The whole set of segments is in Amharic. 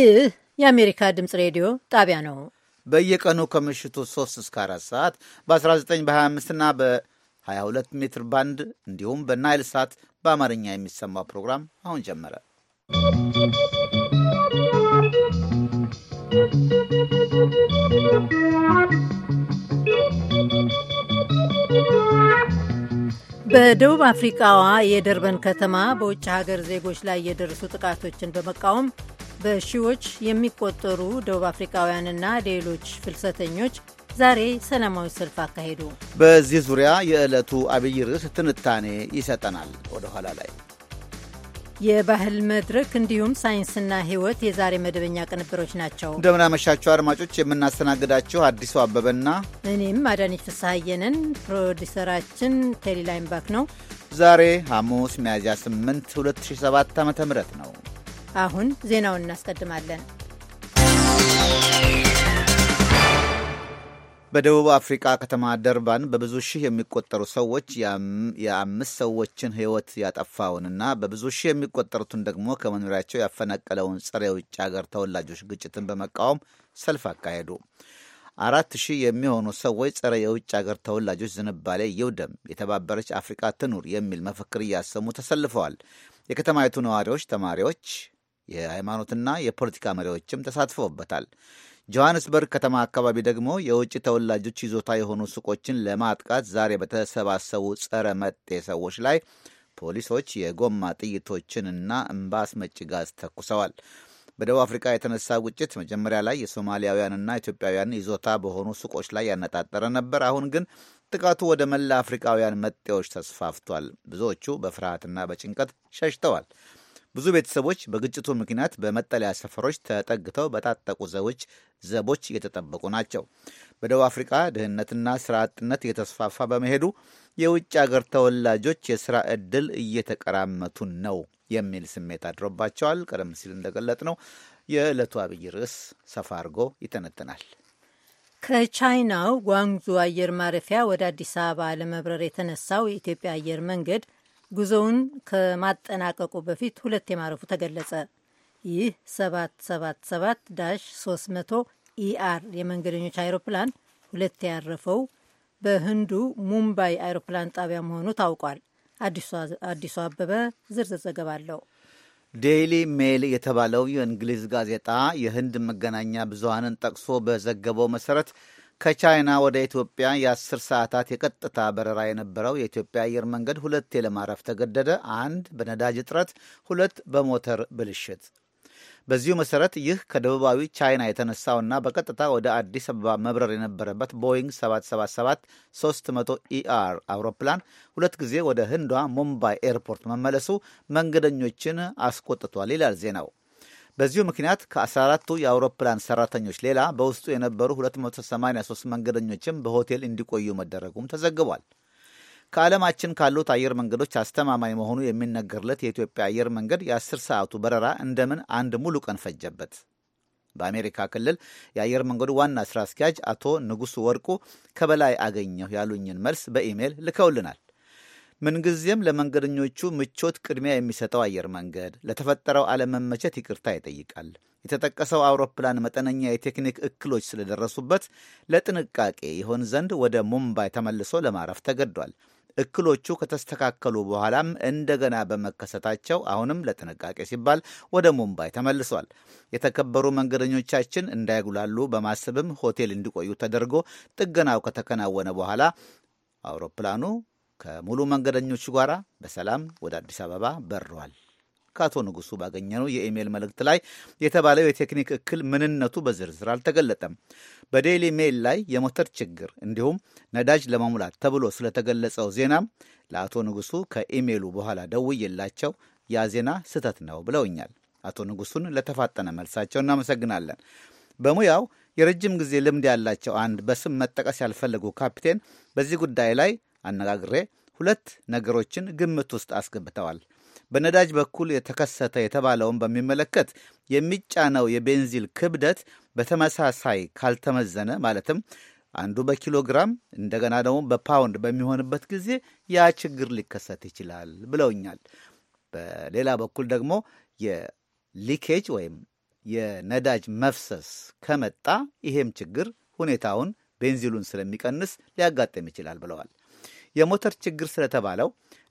ይህ የአሜሪካ ድምፅ ሬዲዮ ጣቢያ ነው። በየቀኑ ከምሽቱ 3 እስከ 4 ሰዓት በ19 በ25 እና በ22 ሜትር ባንድ እንዲሁም በናይል ሳት በአማርኛ የሚሰማው ፕሮግራም አሁን ጀመረ። በደቡብ አፍሪካዋ የደርበን ከተማ በውጭ ሀገር ዜጎች ላይ የደረሱ ጥቃቶችን በመቃወም በሺዎች የሚቆጠሩ ደቡብ አፍሪካውያንና ሌሎች ፍልሰተኞች ዛሬ ሰላማዊ ሰልፍ አካሄዱ። በዚህ ዙሪያ የዕለቱ አብይ ርዕስ ትንታኔ ይሰጠናል። ወደ ኋላ ላይ የባህል መድረክ እንዲሁም ሳይንስና ሕይወት የዛሬ መደበኛ ቅንብሮች ናቸው። እንደምናመሻቸው አድማጮች፣ የምናስተናግዳቸው አዲሱ አበበና እኔም አዳነች ፍስሐየንን። ፕሮዲሰራችን ቴሌላይም ነው። ዛሬ ሐሙስ ሚያዝያ 8 2007 ም ነው። አሁን ዜናውን እናስቀድማለን። በደቡብ አፍሪቃ ከተማ ደርባን በብዙ ሺህ የሚቆጠሩ ሰዎች የአምስት ሰዎችን ሕይወት ያጠፋውንና በብዙ ሺህ የሚቆጠሩትን ደግሞ ከመኖሪያቸው ያፈናቀለውን ጸረ የውጭ ሀገር ተወላጆች ግጭትን በመቃወም ሰልፍ አካሄዱ። አራት ሺህ የሚሆኑ ሰዎች ጸረ የውጭ ሀገር ተወላጆች ዝንባሌ ይውደም፣ የተባበረች አፍሪቃ ትኑር የሚል መፈክር እያሰሙ ተሰልፈዋል። የከተማይቱ ነዋሪዎች፣ ተማሪዎች፣ የሃይማኖትና የፖለቲካ መሪዎችም ተሳትፈውበታል። ጆሐንስበርግ ከተማ አካባቢ ደግሞ የውጭ ተወላጆች ይዞታ የሆኑ ሱቆችን ለማጥቃት ዛሬ በተሰባሰቡ ጸረ መጤ ሰዎች ላይ ፖሊሶች የጎማ ጥይቶችንና እምባ አስመጪ ጋዝ ተኩሰዋል። በደቡብ አፍሪካ የተነሳ ግጭት መጀመሪያ ላይ የሶማሊያውያንና ኢትዮጵያውያን ይዞታ በሆኑ ሱቆች ላይ ያነጣጠረ ነበር። አሁን ግን ጥቃቱ ወደ መላ አፍሪካውያን መጤዎች ተስፋፍቷል። ብዙዎቹ በፍርሃትና በጭንቀት ሸሽተዋል። ብዙ ቤተሰቦች በግጭቱ ምክንያት በመጠለያ ሰፈሮች ተጠግተው በታጠቁ ዘቦች ዘቦች እየተጠበቁ ናቸው። በደቡብ አፍሪካ ድህነትና ስራ አጥነት እየተስፋፋ በመሄዱ የውጭ አገር ተወላጆች የስራ ዕድል እየተቀራመቱ ነው የሚል ስሜት አድሮባቸዋል። ቀደም ሲል እንደገለጥ ነው የዕለቱ አብይ ርዕስ ሰፋ አድርጎ ይተነትናል። ከቻይናው ጓንግዙ አየር ማረፊያ ወደ አዲስ አበባ ለመብረር የተነሳው የኢትዮጵያ አየር መንገድ ጉዞውን ከማጠናቀቁ በፊት ሁለቴ ማረፉ ተገለጸ። ይህ 777 ዳሽ 300 ኢአር የመንገደኞች አይሮፕላን ሁለቴ ያረፈው በህንዱ ሙምባይ አይሮፕላን ጣቢያ መሆኑ ታውቋል። አዲሱ አበበ ዝርዝር ዘገባ አለው። ዴይሊ ሜል የተባለው የእንግሊዝ ጋዜጣ የህንድ መገናኛ ብዙሃንን ጠቅሶ በዘገበው መሰረት ከቻይና ወደ ኢትዮጵያ የአስር ሰዓታት የቀጥታ በረራ የነበረው የኢትዮጵያ አየር መንገድ ሁለቴ ለማረፍ ተገደደ። አንድ በነዳጅ እጥረት፣ ሁለት በሞተር ብልሽት። በዚሁ መሰረት ይህ ከደቡባዊ ቻይና የተነሳውና በቀጥታ ወደ አዲስ አበባ መብረር የነበረበት ቦይንግ 777 300 ኢአር አውሮፕላን ሁለት ጊዜ ወደ ህንዷ ሙምባይ ኤርፖርት መመለሱ መንገደኞችን አስቆጥቷል ይላል ዜናው። በዚሁ ምክንያት ከ14ቱ የአውሮፕላን ሰራተኞች ሌላ በውስጡ የነበሩ 283 መንገደኞችም በሆቴል እንዲቆዩ መደረጉም ተዘግቧል። ከዓለማችን ካሉት አየር መንገዶች አስተማማኝ መሆኑ የሚነገርለት የኢትዮጵያ አየር መንገድ የ10 ሰዓቱ በረራ እንደምን አንድ ሙሉ ቀን ፈጀበት? በአሜሪካ ክልል የአየር መንገዱ ዋና ስራ አስኪያጅ አቶ ንጉሱ ወርቁ ከበላይ አገኘሁ ያሉኝን መልስ በኢሜይል ልከውልናል። ምንጊዜም ለመንገደኞቹ ምቾት ቅድሚያ የሚሰጠው አየር መንገድ ለተፈጠረው አለመመቸት ይቅርታ ይጠይቃል። የተጠቀሰው አውሮፕላን መጠነኛ የቴክኒክ እክሎች ስለደረሱበት ለጥንቃቄ ይሆን ዘንድ ወደ ሙምባይ ተመልሶ ለማረፍ ተገዷል። እክሎቹ ከተስተካከሉ በኋላም እንደገና በመከሰታቸው አሁንም ለጥንቃቄ ሲባል ወደ ሙምባይ ተመልሷል። የተከበሩ መንገደኞቻችን እንዳይጉላሉ በማሰብም ሆቴል እንዲቆዩ ተደርጎ ጥገናው ከተከናወነ በኋላ አውሮፕላኑ ከሙሉ መንገደኞቹ ጋር በሰላም ወደ አዲስ አበባ በረዋል። ከአቶ ንጉሱ ባገኘነው የኢሜይል መልእክት ላይ የተባለው የቴክኒክ እክል ምንነቱ በዝርዝር አልተገለጠም። በዴይሊ ሜይል ላይ የሞተር ችግር እንዲሁም ነዳጅ ለመሙላት ተብሎ ስለተገለጸው ዜናም ለአቶ ንጉሱ ከኢሜይሉ በኋላ ደውዬላቸው ያ ዜና ስህተት ነው ብለውኛል። አቶ ንጉሱን ለተፋጠነ መልሳቸው እናመሰግናለን። በሙያው የረጅም ጊዜ ልምድ ያላቸው አንድ በስም መጠቀስ ያልፈለጉ ካፕቴን በዚህ ጉዳይ ላይ አነጋግሬ ሁለት ነገሮችን ግምት ውስጥ አስገብተዋል። በነዳጅ በኩል የተከሰተ የተባለውን በሚመለከት የሚጫነው የቤንዚል ክብደት በተመሳሳይ ካልተመዘነ ማለትም አንዱ በኪሎ ግራም እንደገና ደግሞ በፓውንድ በሚሆንበት ጊዜ ያ ችግር ሊከሰት ይችላል ብለውኛል። በሌላ በኩል ደግሞ የሊኬጅ ወይም የነዳጅ መፍሰስ ከመጣ ይሄም ችግር ሁኔታውን ቤንዚሉን ስለሚቀንስ ሊያጋጥም ይችላል ብለዋል። የሞተር ችግር ስለተባለው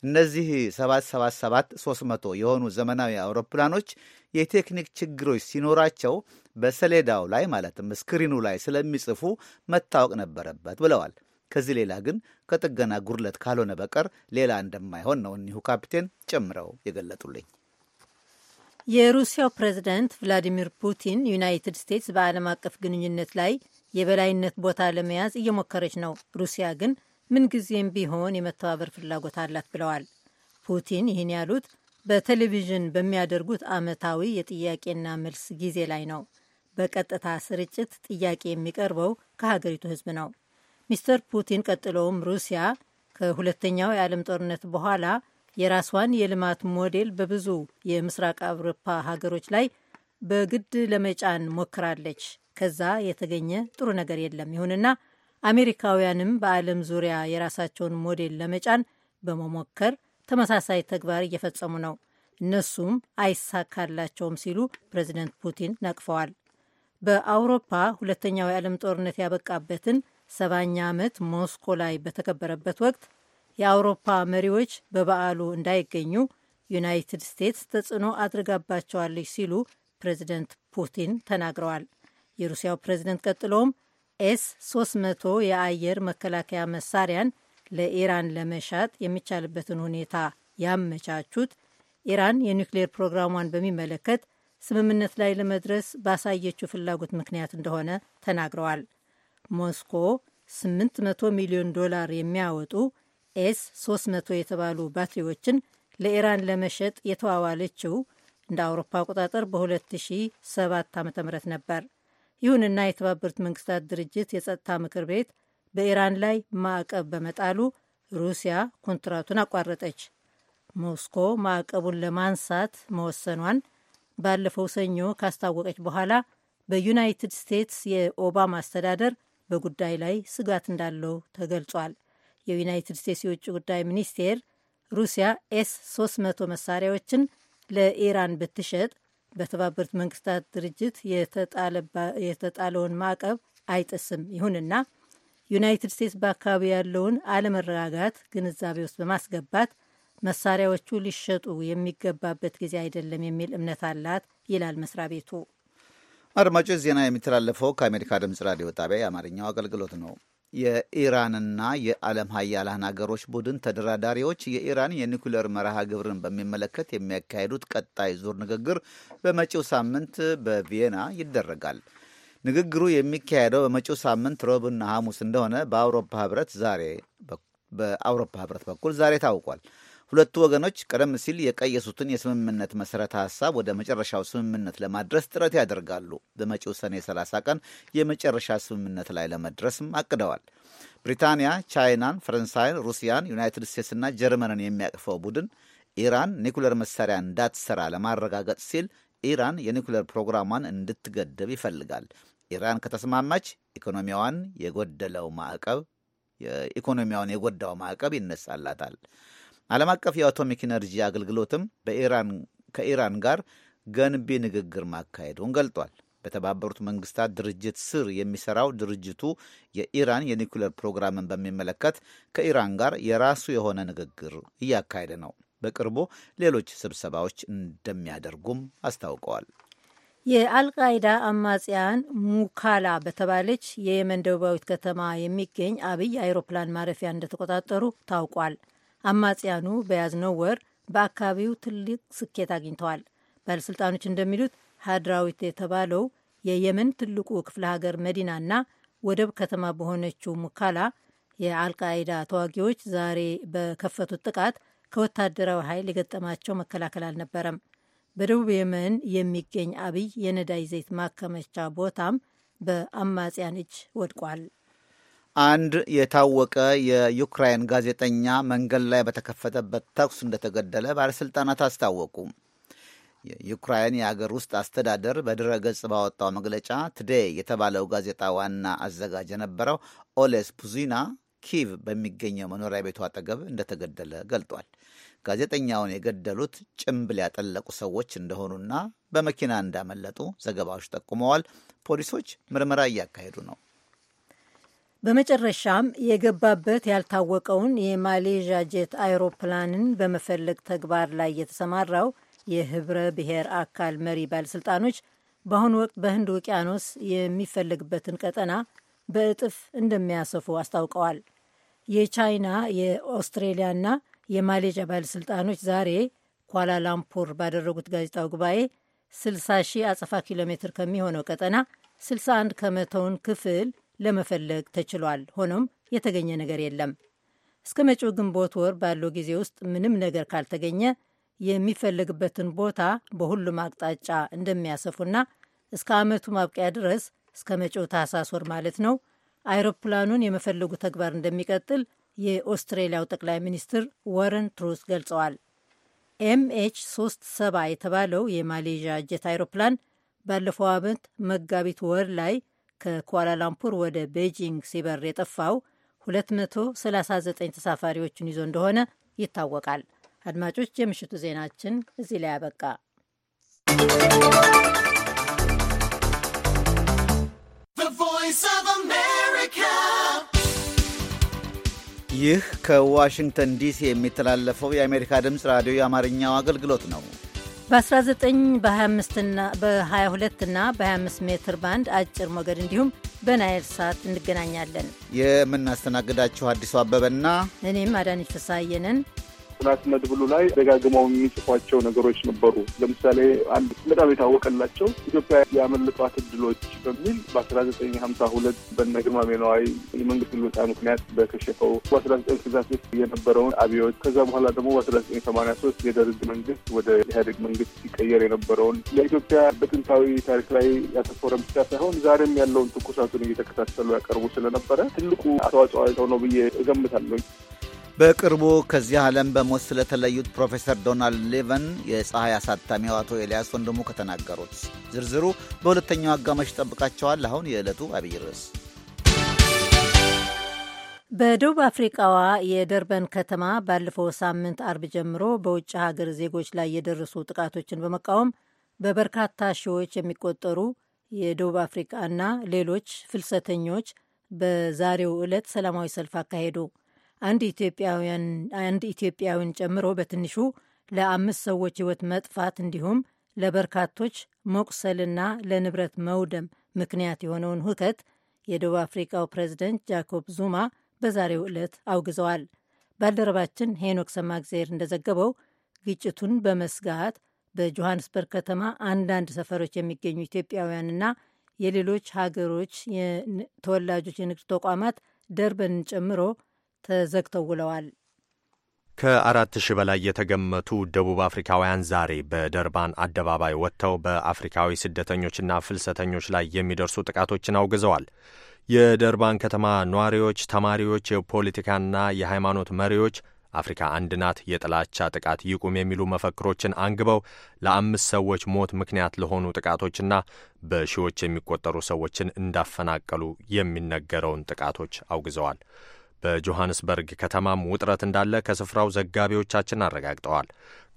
እነዚህ 777 300 የሆኑ ዘመናዊ አውሮፕላኖች የቴክኒክ ችግሮች ሲኖራቸው በሰሌዳው ላይ ማለትም ስክሪኑ ላይ ስለሚጽፉ መታወቅ ነበረበት ብለዋል። ከዚህ ሌላ ግን ከጥገና ጉድለት ካልሆነ በቀር ሌላ እንደማይሆን ነው እኒሁ ካፕቴን ጨምረው የገለጡልኝ። የሩሲያው ፕሬዚደንት ቭላዲሚር ፑቲን ዩናይትድ ስቴትስ በዓለም አቀፍ ግንኙነት ላይ የበላይነት ቦታ ለመያዝ እየሞከረች ነው፣ ሩሲያ ግን ምንጊዜም ቢሆን የመተባበር ፍላጎት አላት ብለዋል። ፑቲን ይህን ያሉት በቴሌቪዥን በሚያደርጉት ዓመታዊ የጥያቄና መልስ ጊዜ ላይ ነው። በቀጥታ ስርጭት ጥያቄ የሚቀርበው ከሀገሪቱ ሕዝብ ነው። ሚስተር ፑቲን ቀጥሎውም ሩሲያ ከሁለተኛው የዓለም ጦርነት በኋላ የራሷን የልማት ሞዴል በብዙ የምስራቅ አውሮፓ ሀገሮች ላይ በግድ ለመጫን ሞክራለች። ከዛ የተገኘ ጥሩ ነገር የለም። ይሁንና አሜሪካውያንም በዓለም ዙሪያ የራሳቸውን ሞዴል ለመጫን በመሞከር ተመሳሳይ ተግባር እየፈጸሙ ነው፣ እነሱም አይሳካላቸውም ሲሉ ፕሬዚደንት ፑቲን ነቅፈዋል። በአውሮፓ ሁለተኛው የዓለም ጦርነት ያበቃበትን ሰባኛ ዓመት ሞስኮ ላይ በተከበረበት ወቅት የአውሮፓ መሪዎች በበዓሉ እንዳይገኙ ዩናይትድ ስቴትስ ተጽዕኖ አድርጋባቸዋለች ሲሉ ፕሬዚደንት ፑቲን ተናግረዋል። የሩሲያው ፕሬዚደንት ቀጥሎም ኤስ 300 የአየር መከላከያ መሳሪያን ለኢራን ለመሻጥ የሚቻልበትን ሁኔታ ያመቻቹት ኢራን የኒውክሌር ፕሮግራሟን በሚመለከት ስምምነት ላይ ለመድረስ ባሳየችው ፍላጎት ምክንያት እንደሆነ ተናግረዋል። ሞስኮ 800 ሚሊዮን ዶላር የሚያወጡ ኤስ 300 የተባሉ ባትሪዎችን ለኢራን ለመሸጥ የተዋዋለችው እንደ አውሮፓ አቆጣጠር በ2007 ም ነበር። ይሁንና የተባበሩት መንግስታት ድርጅት የጸጥታ ምክር ቤት በኢራን ላይ ማዕቀብ በመጣሉ ሩሲያ ኮንትራቱን አቋረጠች። ሞስኮ ማዕቀቡን ለማንሳት መወሰኗን ባለፈው ሰኞ ካስታወቀች በኋላ በዩናይትድ ስቴትስ የኦባማ አስተዳደር በጉዳይ ላይ ስጋት እንዳለው ተገልጿል። የዩናይትድ ስቴትስ የውጭ ጉዳይ ሚኒስቴር ሩሲያ ኤስ 300 መሳሪያዎችን ለኢራን ብትሸጥ በተባበሩት መንግስታት ድርጅት የተጣለውን ማዕቀብ አይጥስም። ይሁንና ዩናይትድ ስቴትስ በአካባቢ ያለውን አለመረጋጋት ግንዛቤ ውስጥ በማስገባት መሳሪያዎቹ ሊሸጡ የሚገባበት ጊዜ አይደለም የሚል እምነት አላት ይላል መስሪያ ቤቱ። አድማጮች፣ ዜና የሚተላለፈው ከአሜሪካ ድምጽ ራዲዮ ጣቢያ የአማርኛው አገልግሎት ነው። የኢራንና የዓለም ሀያላን አገሮች ቡድን ተደራዳሪዎች የኢራን የኒኩሌር መርሃ ግብርን በሚመለከት የሚያካሂዱት ቀጣይ ዙር ንግግር በመጪው ሳምንት በቪየና ይደረጋል። ንግግሩ የሚካሄደው በመጪው ሳምንት ሮብና ሐሙስ እንደሆነ በአውሮፓ ህብረት ዛሬ በአውሮፓ ህብረት በኩል ዛሬ ታውቋል። ሁለቱ ወገኖች ቀደም ሲል የቀየሱትን የስምምነት መሠረተ ሐሳብ ወደ መጨረሻው ስምምነት ለማድረስ ጥረት ያደርጋሉ። በመጪው ሰኔ 30 ቀን የመጨረሻ ስምምነት ላይ ለመድረስም አቅደዋል። ብሪታንያ፣ ቻይናን፣ ፈረንሳይን፣ ሩሲያን፣ ዩናይትድ ስቴትስና ጀርመንን የሚያቅፈው ቡድን ኢራን ኒኩለር መሳሪያ እንዳትሰራ ለማረጋገጥ ሲል ኢራን የኒኩለር ፕሮግራሟን እንድትገደብ ይፈልጋል። ኢራን ከተስማማች ኢኮኖሚዋን የጎደለው ማዕቀብ የኢኮኖሚያውን የጎዳው ማዕቀብ ይነሳላታል። ዓለም አቀፍ የአቶሚክ ኢነርጂ አገልግሎትም ከኢራን ጋር ገንቢ ንግግር ማካሄዱን ገልጧል። በተባበሩት መንግስታት ድርጅት ስር የሚሰራው ድርጅቱ የኢራን የኒኩሌር ፕሮግራምን በሚመለከት ከኢራን ጋር የራሱ የሆነ ንግግር እያካሄደ ነው። በቅርቡ ሌሎች ስብሰባዎች እንደሚያደርጉም አስታውቀዋል። የአልቃይዳ አማጽያን ሙካላ በተባለች የየመን ደቡባዊት ከተማ የሚገኝ አብይ አይሮፕላን ማረፊያ እንደተቆጣጠሩ ታውቋል። አማጽያኑ በያዝነው ወር በአካባቢው ትልቅ ስኬት አግኝተዋል። ባለሥልጣኖች እንደሚሉት ሀድራዊት የተባለው የየመን ትልቁ ክፍለ ሀገር መዲናና ወደብ ከተማ በሆነችው ሙካላ የአልቃይዳ ተዋጊዎች ዛሬ በከፈቱት ጥቃት ከወታደራዊ ኃይል የገጠማቸው መከላከል አልነበረም። በደቡብ የመን የሚገኝ አብይ የነዳጅ ዘይት ማከመቻ ቦታም በአማጽያን እጅ ወድቋል። አንድ የታወቀ የዩክራይን ጋዜጠኛ መንገድ ላይ በተከፈተበት ተኩስ እንደተገደለ ባለሥልጣናት አስታወቁ። የዩክራይን የአገር ውስጥ አስተዳደር በድረ ገጽ ባወጣው መግለጫ ትዴይ የተባለው ጋዜጣ ዋና አዘጋጅ የነበረው ኦሌስ ፑዚና ኪቭ በሚገኘው መኖሪያ ቤቱ አጠገብ እንደተገደለ ገልጧል። ጋዜጠኛውን የገደሉት ጭምብል ያጠለቁ ሰዎች እንደሆኑና በመኪና እንዳመለጡ ዘገባዎች ጠቁመዋል። ፖሊሶች ምርመራ እያካሄዱ ነው። በመጨረሻም የገባበት ያልታወቀውን የማሌዥያ ጄት አይሮፕላንን በመፈለግ ተግባር ላይ የተሰማራው የህብረ ብሔር አካል መሪ ባለሥልጣኖች በአሁኑ ወቅት በህንድ ውቅያኖስ የሚፈለግበትን ቀጠና በእጥፍ እንደሚያሰፉ አስታውቀዋል። የቻይና የኦስትሬሊያና የማሌዥያ ባለሥልጣኖች ዛሬ ኳላላምፑር ባደረጉት ጋዜጣዊ ጉባኤ 60 ሺህ አጸፋ ኪሎ ሜትር ከሚሆነው ቀጠና 61 ከመቶውን ክፍል ለመፈለግ ተችሏል። ሆኖም የተገኘ ነገር የለም። እስከ መጪው ግንቦት ወር ባለው ጊዜ ውስጥ ምንም ነገር ካልተገኘ የሚፈለግበትን ቦታ በሁሉም አቅጣጫ እንደሚያሰፉና እስከ ዓመቱ ማብቂያ ድረስ እስከ መጪው ታህሳስ ወር ማለት ነው አይሮፕላኑን የመፈለጉ ተግባር እንደሚቀጥል የኦስትሬሊያው ጠቅላይ ሚኒስትር ወረን ትሩስ ገልጸዋል። ኤምኤች 37 የተባለው የማሌዥያ እጀት አይሮፕላን ባለፈው ዓመት መጋቢት ወር ላይ ከኳላላምፑር ወደ ቤጂንግ ሲበር የጠፋው 239 ተሳፋሪዎችን ይዞ እንደሆነ ይታወቃል። አድማጮች፣ የምሽቱ ዜናችን እዚህ ላይ አበቃ። ይህ ከዋሽንግተን ዲሲ የሚተላለፈው የአሜሪካ ድምፅ ራዲዮ የአማርኛው አገልግሎት ነው። በ19 25 በ22 እና በ25 ሜትር ባንድ አጭር ሞገድ እንዲሁም በናይል ሳት እንገናኛለን። የምናስተናግዳችሁ አዲሱ አበበና እኔም አዳነች ፍስሐዬ ነን። ጥናት መድብሉ ላይ ደጋግመው የሚጽፏቸው ነገሮች ነበሩ። ለምሳሌ አንድ በጣም የታወቀላቸው ኢትዮጵያ ያመልጧት እድሎች በሚል በአስራ ዘጠኝ ሀምሳ ሁለት በነ ግርማ የመንግስት ልወጣ ምክንያት በከሸፈው በአስራ ዘጠኝ ስልሳ ሶስት የነበረውን አብዮት ከዛ በኋላ ደግሞ በአስራ ዘጠኝ ሰማኒያ ሶስት የደርግ መንግስት ወደ ኢህአዴግ መንግስት ሲቀየር የነበረውን ለኢትዮጵያ በጥንታዊ ታሪክ ላይ ያተኮረ ብቻ ሳይሆን ዛሬም ያለውን ትኩሳቱን እየተከታተሉ ያቀርቡ ስለነበረ ትልቁ አስተዋጽኦ ነው ብዬ እገምታለሁ። በቅርቡ ከዚህ ዓለም በሞት ስለተለዩት ፕሮፌሰር ዶናልድ ሌቨን የፀሐይ አሳታሚው አቶ ኤልያስ ወንድሙ ከተናገሩት ዝርዝሩ በሁለተኛው አጋማሽ ይጠብቃቸዋል። አሁን የዕለቱ አብይ ርዕስ በደቡብ አፍሪቃዋ የደርበን ከተማ ባለፈው ሳምንት አርብ ጀምሮ በውጭ ሀገር ዜጎች ላይ የደረሱ ጥቃቶችን በመቃወም በበርካታ ሺዎች የሚቆጠሩ የደቡብ አፍሪቃና ሌሎች ፍልሰተኞች በዛሬው ዕለት ሰላማዊ ሰልፍ አካሄዱ። አንድ ኢትዮጵያዊን ጨምሮ በትንሹ ለአምስት ሰዎች ሕይወት መጥፋት እንዲሁም ለበርካቶች መቁሰልና ለንብረት መውደም ምክንያት የሆነውን ሁከት የደቡብ አፍሪካው ፕሬዚደንት ጃኮብ ዙማ በዛሬው ዕለት አውግዘዋል። ባልደረባችን ሄኖክ ሰማግዜር እንደዘገበው ግጭቱን በመስጋት በጆሃንስበርግ ከተማ አንዳንድ ሰፈሮች የሚገኙ ኢትዮጵያውያንና የሌሎች ሀገሮች ተወላጆች የንግድ ተቋማት ደርበንን ጨምሮ ተዘግተው ውለዋል። ከአራት ሺህ በላይ የተገመቱ ደቡብ አፍሪካውያን ዛሬ በደርባን አደባባይ ወጥተው በአፍሪካዊ ስደተኞችና ፍልሰተኞች ላይ የሚደርሱ ጥቃቶችን አውግዘዋል። የደርባን ከተማ ነዋሪዎች፣ ተማሪዎች፣ የፖለቲካና የሃይማኖት መሪዎች አፍሪካ አንድ ናት፣ የጥላቻ ጥቃት ይቁም የሚሉ መፈክሮችን አንግበው ለአምስት ሰዎች ሞት ምክንያት ለሆኑ ጥቃቶችና በሺዎች የሚቆጠሩ ሰዎችን እንዳፈናቀሉ የሚነገረውን ጥቃቶች አውግዘዋል። በጆሐንስበርግ ከተማም ውጥረት እንዳለ ከስፍራው ዘጋቢዎቻችን አረጋግጠዋል።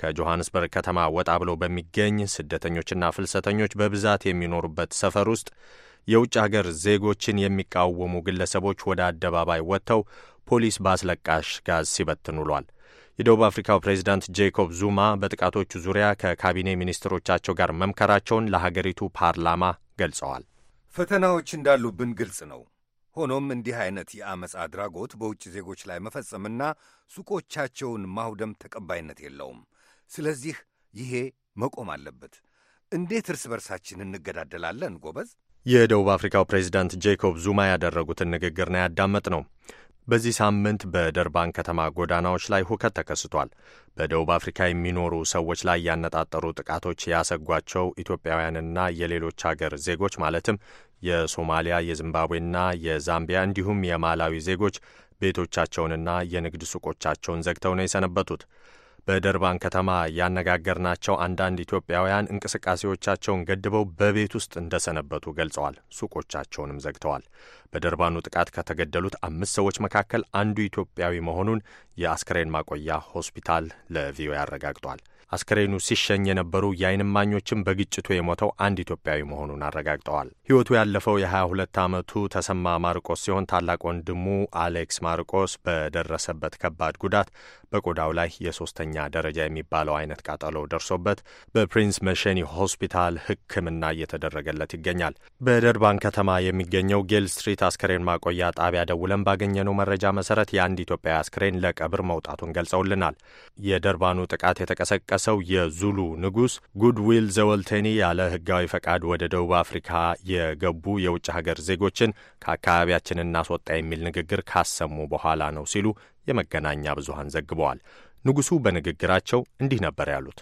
ከጆሐንስበርግ ከተማ ወጣ ብሎ በሚገኝ ስደተኞችና ፍልሰተኞች በብዛት የሚኖሩበት ሰፈር ውስጥ የውጭ አገር ዜጎችን የሚቃወሙ ግለሰቦች ወደ አደባባይ ወጥተው ፖሊስ በአስለቃሽ ጋዝ ሲበትን ውሏል። የደቡብ አፍሪካው ፕሬዚዳንት ጄኮብ ዙማ በጥቃቶቹ ዙሪያ ከካቢኔ ሚኒስትሮቻቸው ጋር መምከራቸውን ለሀገሪቱ ፓርላማ ገልጸዋል። ፈተናዎች እንዳሉብን ግልጽ ነው። ሆኖም እንዲህ አይነት የአመፅ አድራጎት በውጭ ዜጎች ላይ መፈጸምና ሱቆቻቸውን ማውደም ተቀባይነት የለውም። ስለዚህ ይሄ መቆም አለበት። እንዴት እርስ በርሳችን እንገዳደላለን? ጎበዝ። የደቡብ አፍሪካው ፕሬዚዳንት ጄኮብ ዙማ ያደረጉትን ንግግር ነው ያዳመጥ ነው። በዚህ ሳምንት በደርባን ከተማ ጎዳናዎች ላይ ሁከት ተከስቷል። በደቡብ አፍሪካ የሚኖሩ ሰዎች ላይ ያነጣጠሩ ጥቃቶች ያሰጓቸው ኢትዮጵያውያንና የሌሎች አገር ዜጎች ማለትም የሶማሊያ፣ የዚምባብዌና የዛምቢያ እንዲሁም የማላዊ ዜጎች ቤቶቻቸውንና የንግድ ሱቆቻቸውን ዘግተው ነው የሰነበቱት። በደርባን ከተማ ያነጋገርናቸው አንዳንድ ኢትዮጵያውያን እንቅስቃሴዎቻቸውን ገድበው በቤት ውስጥ እንደሰነበቱ ገልጸዋል። ሱቆቻቸውንም ዘግተዋል። በደርባኑ ጥቃት ከተገደሉት አምስት ሰዎች መካከል አንዱ ኢትዮጵያዊ መሆኑን የአስክሬን ማቆያ ሆስፒታል ለቪኦኤ አረጋግጧል። አስከሬኑ ሲሸኝ የነበሩ የዓይን በግጭቱ የሞተው አንድ ኢትዮጵያዊ መሆኑን አረጋግጠዋል። ሕይወቱ ያለፈው የ22 ዓመቱ ተሰማ ማርቆስ ሲሆን ታላቅ ወንድሙ አሌክስ ማርቆስ በደረሰበት ከባድ ጉዳት በቆዳው ላይ የሶስተኛ ደረጃ የሚባለው አይነት ቃጠሎ ደርሶበት በፕሪንስ መሸኒ ሆስፒታል ሕክምና እየተደረገለት ይገኛል። በደርባን ከተማ የሚገኘው ጌል ስትሪት አስከሬን ማቆያ ጣቢያ ደውለን ባገኘነው መረጃ መሰረት የአንድ ኢትዮጵያዊ አስከሬን ለቀብር መውጣቱን ገልጸውልናል። የደርባኑ ጥቃት የተቀሰቀሰ የደረሰው የዙሉ ንጉሥ ጉድዊል ዘወልቴኒ ያለ ሕጋዊ ፈቃድ ወደ ደቡብ አፍሪካ የገቡ የውጭ ሀገር ዜጎችን ከአካባቢያችን እናስወጣ የሚል ንግግር ካሰሙ በኋላ ነው ሲሉ የመገናኛ ብዙሃን ዘግበዋል። ንጉሡ በንግግራቸው እንዲህ ነበር ያሉት።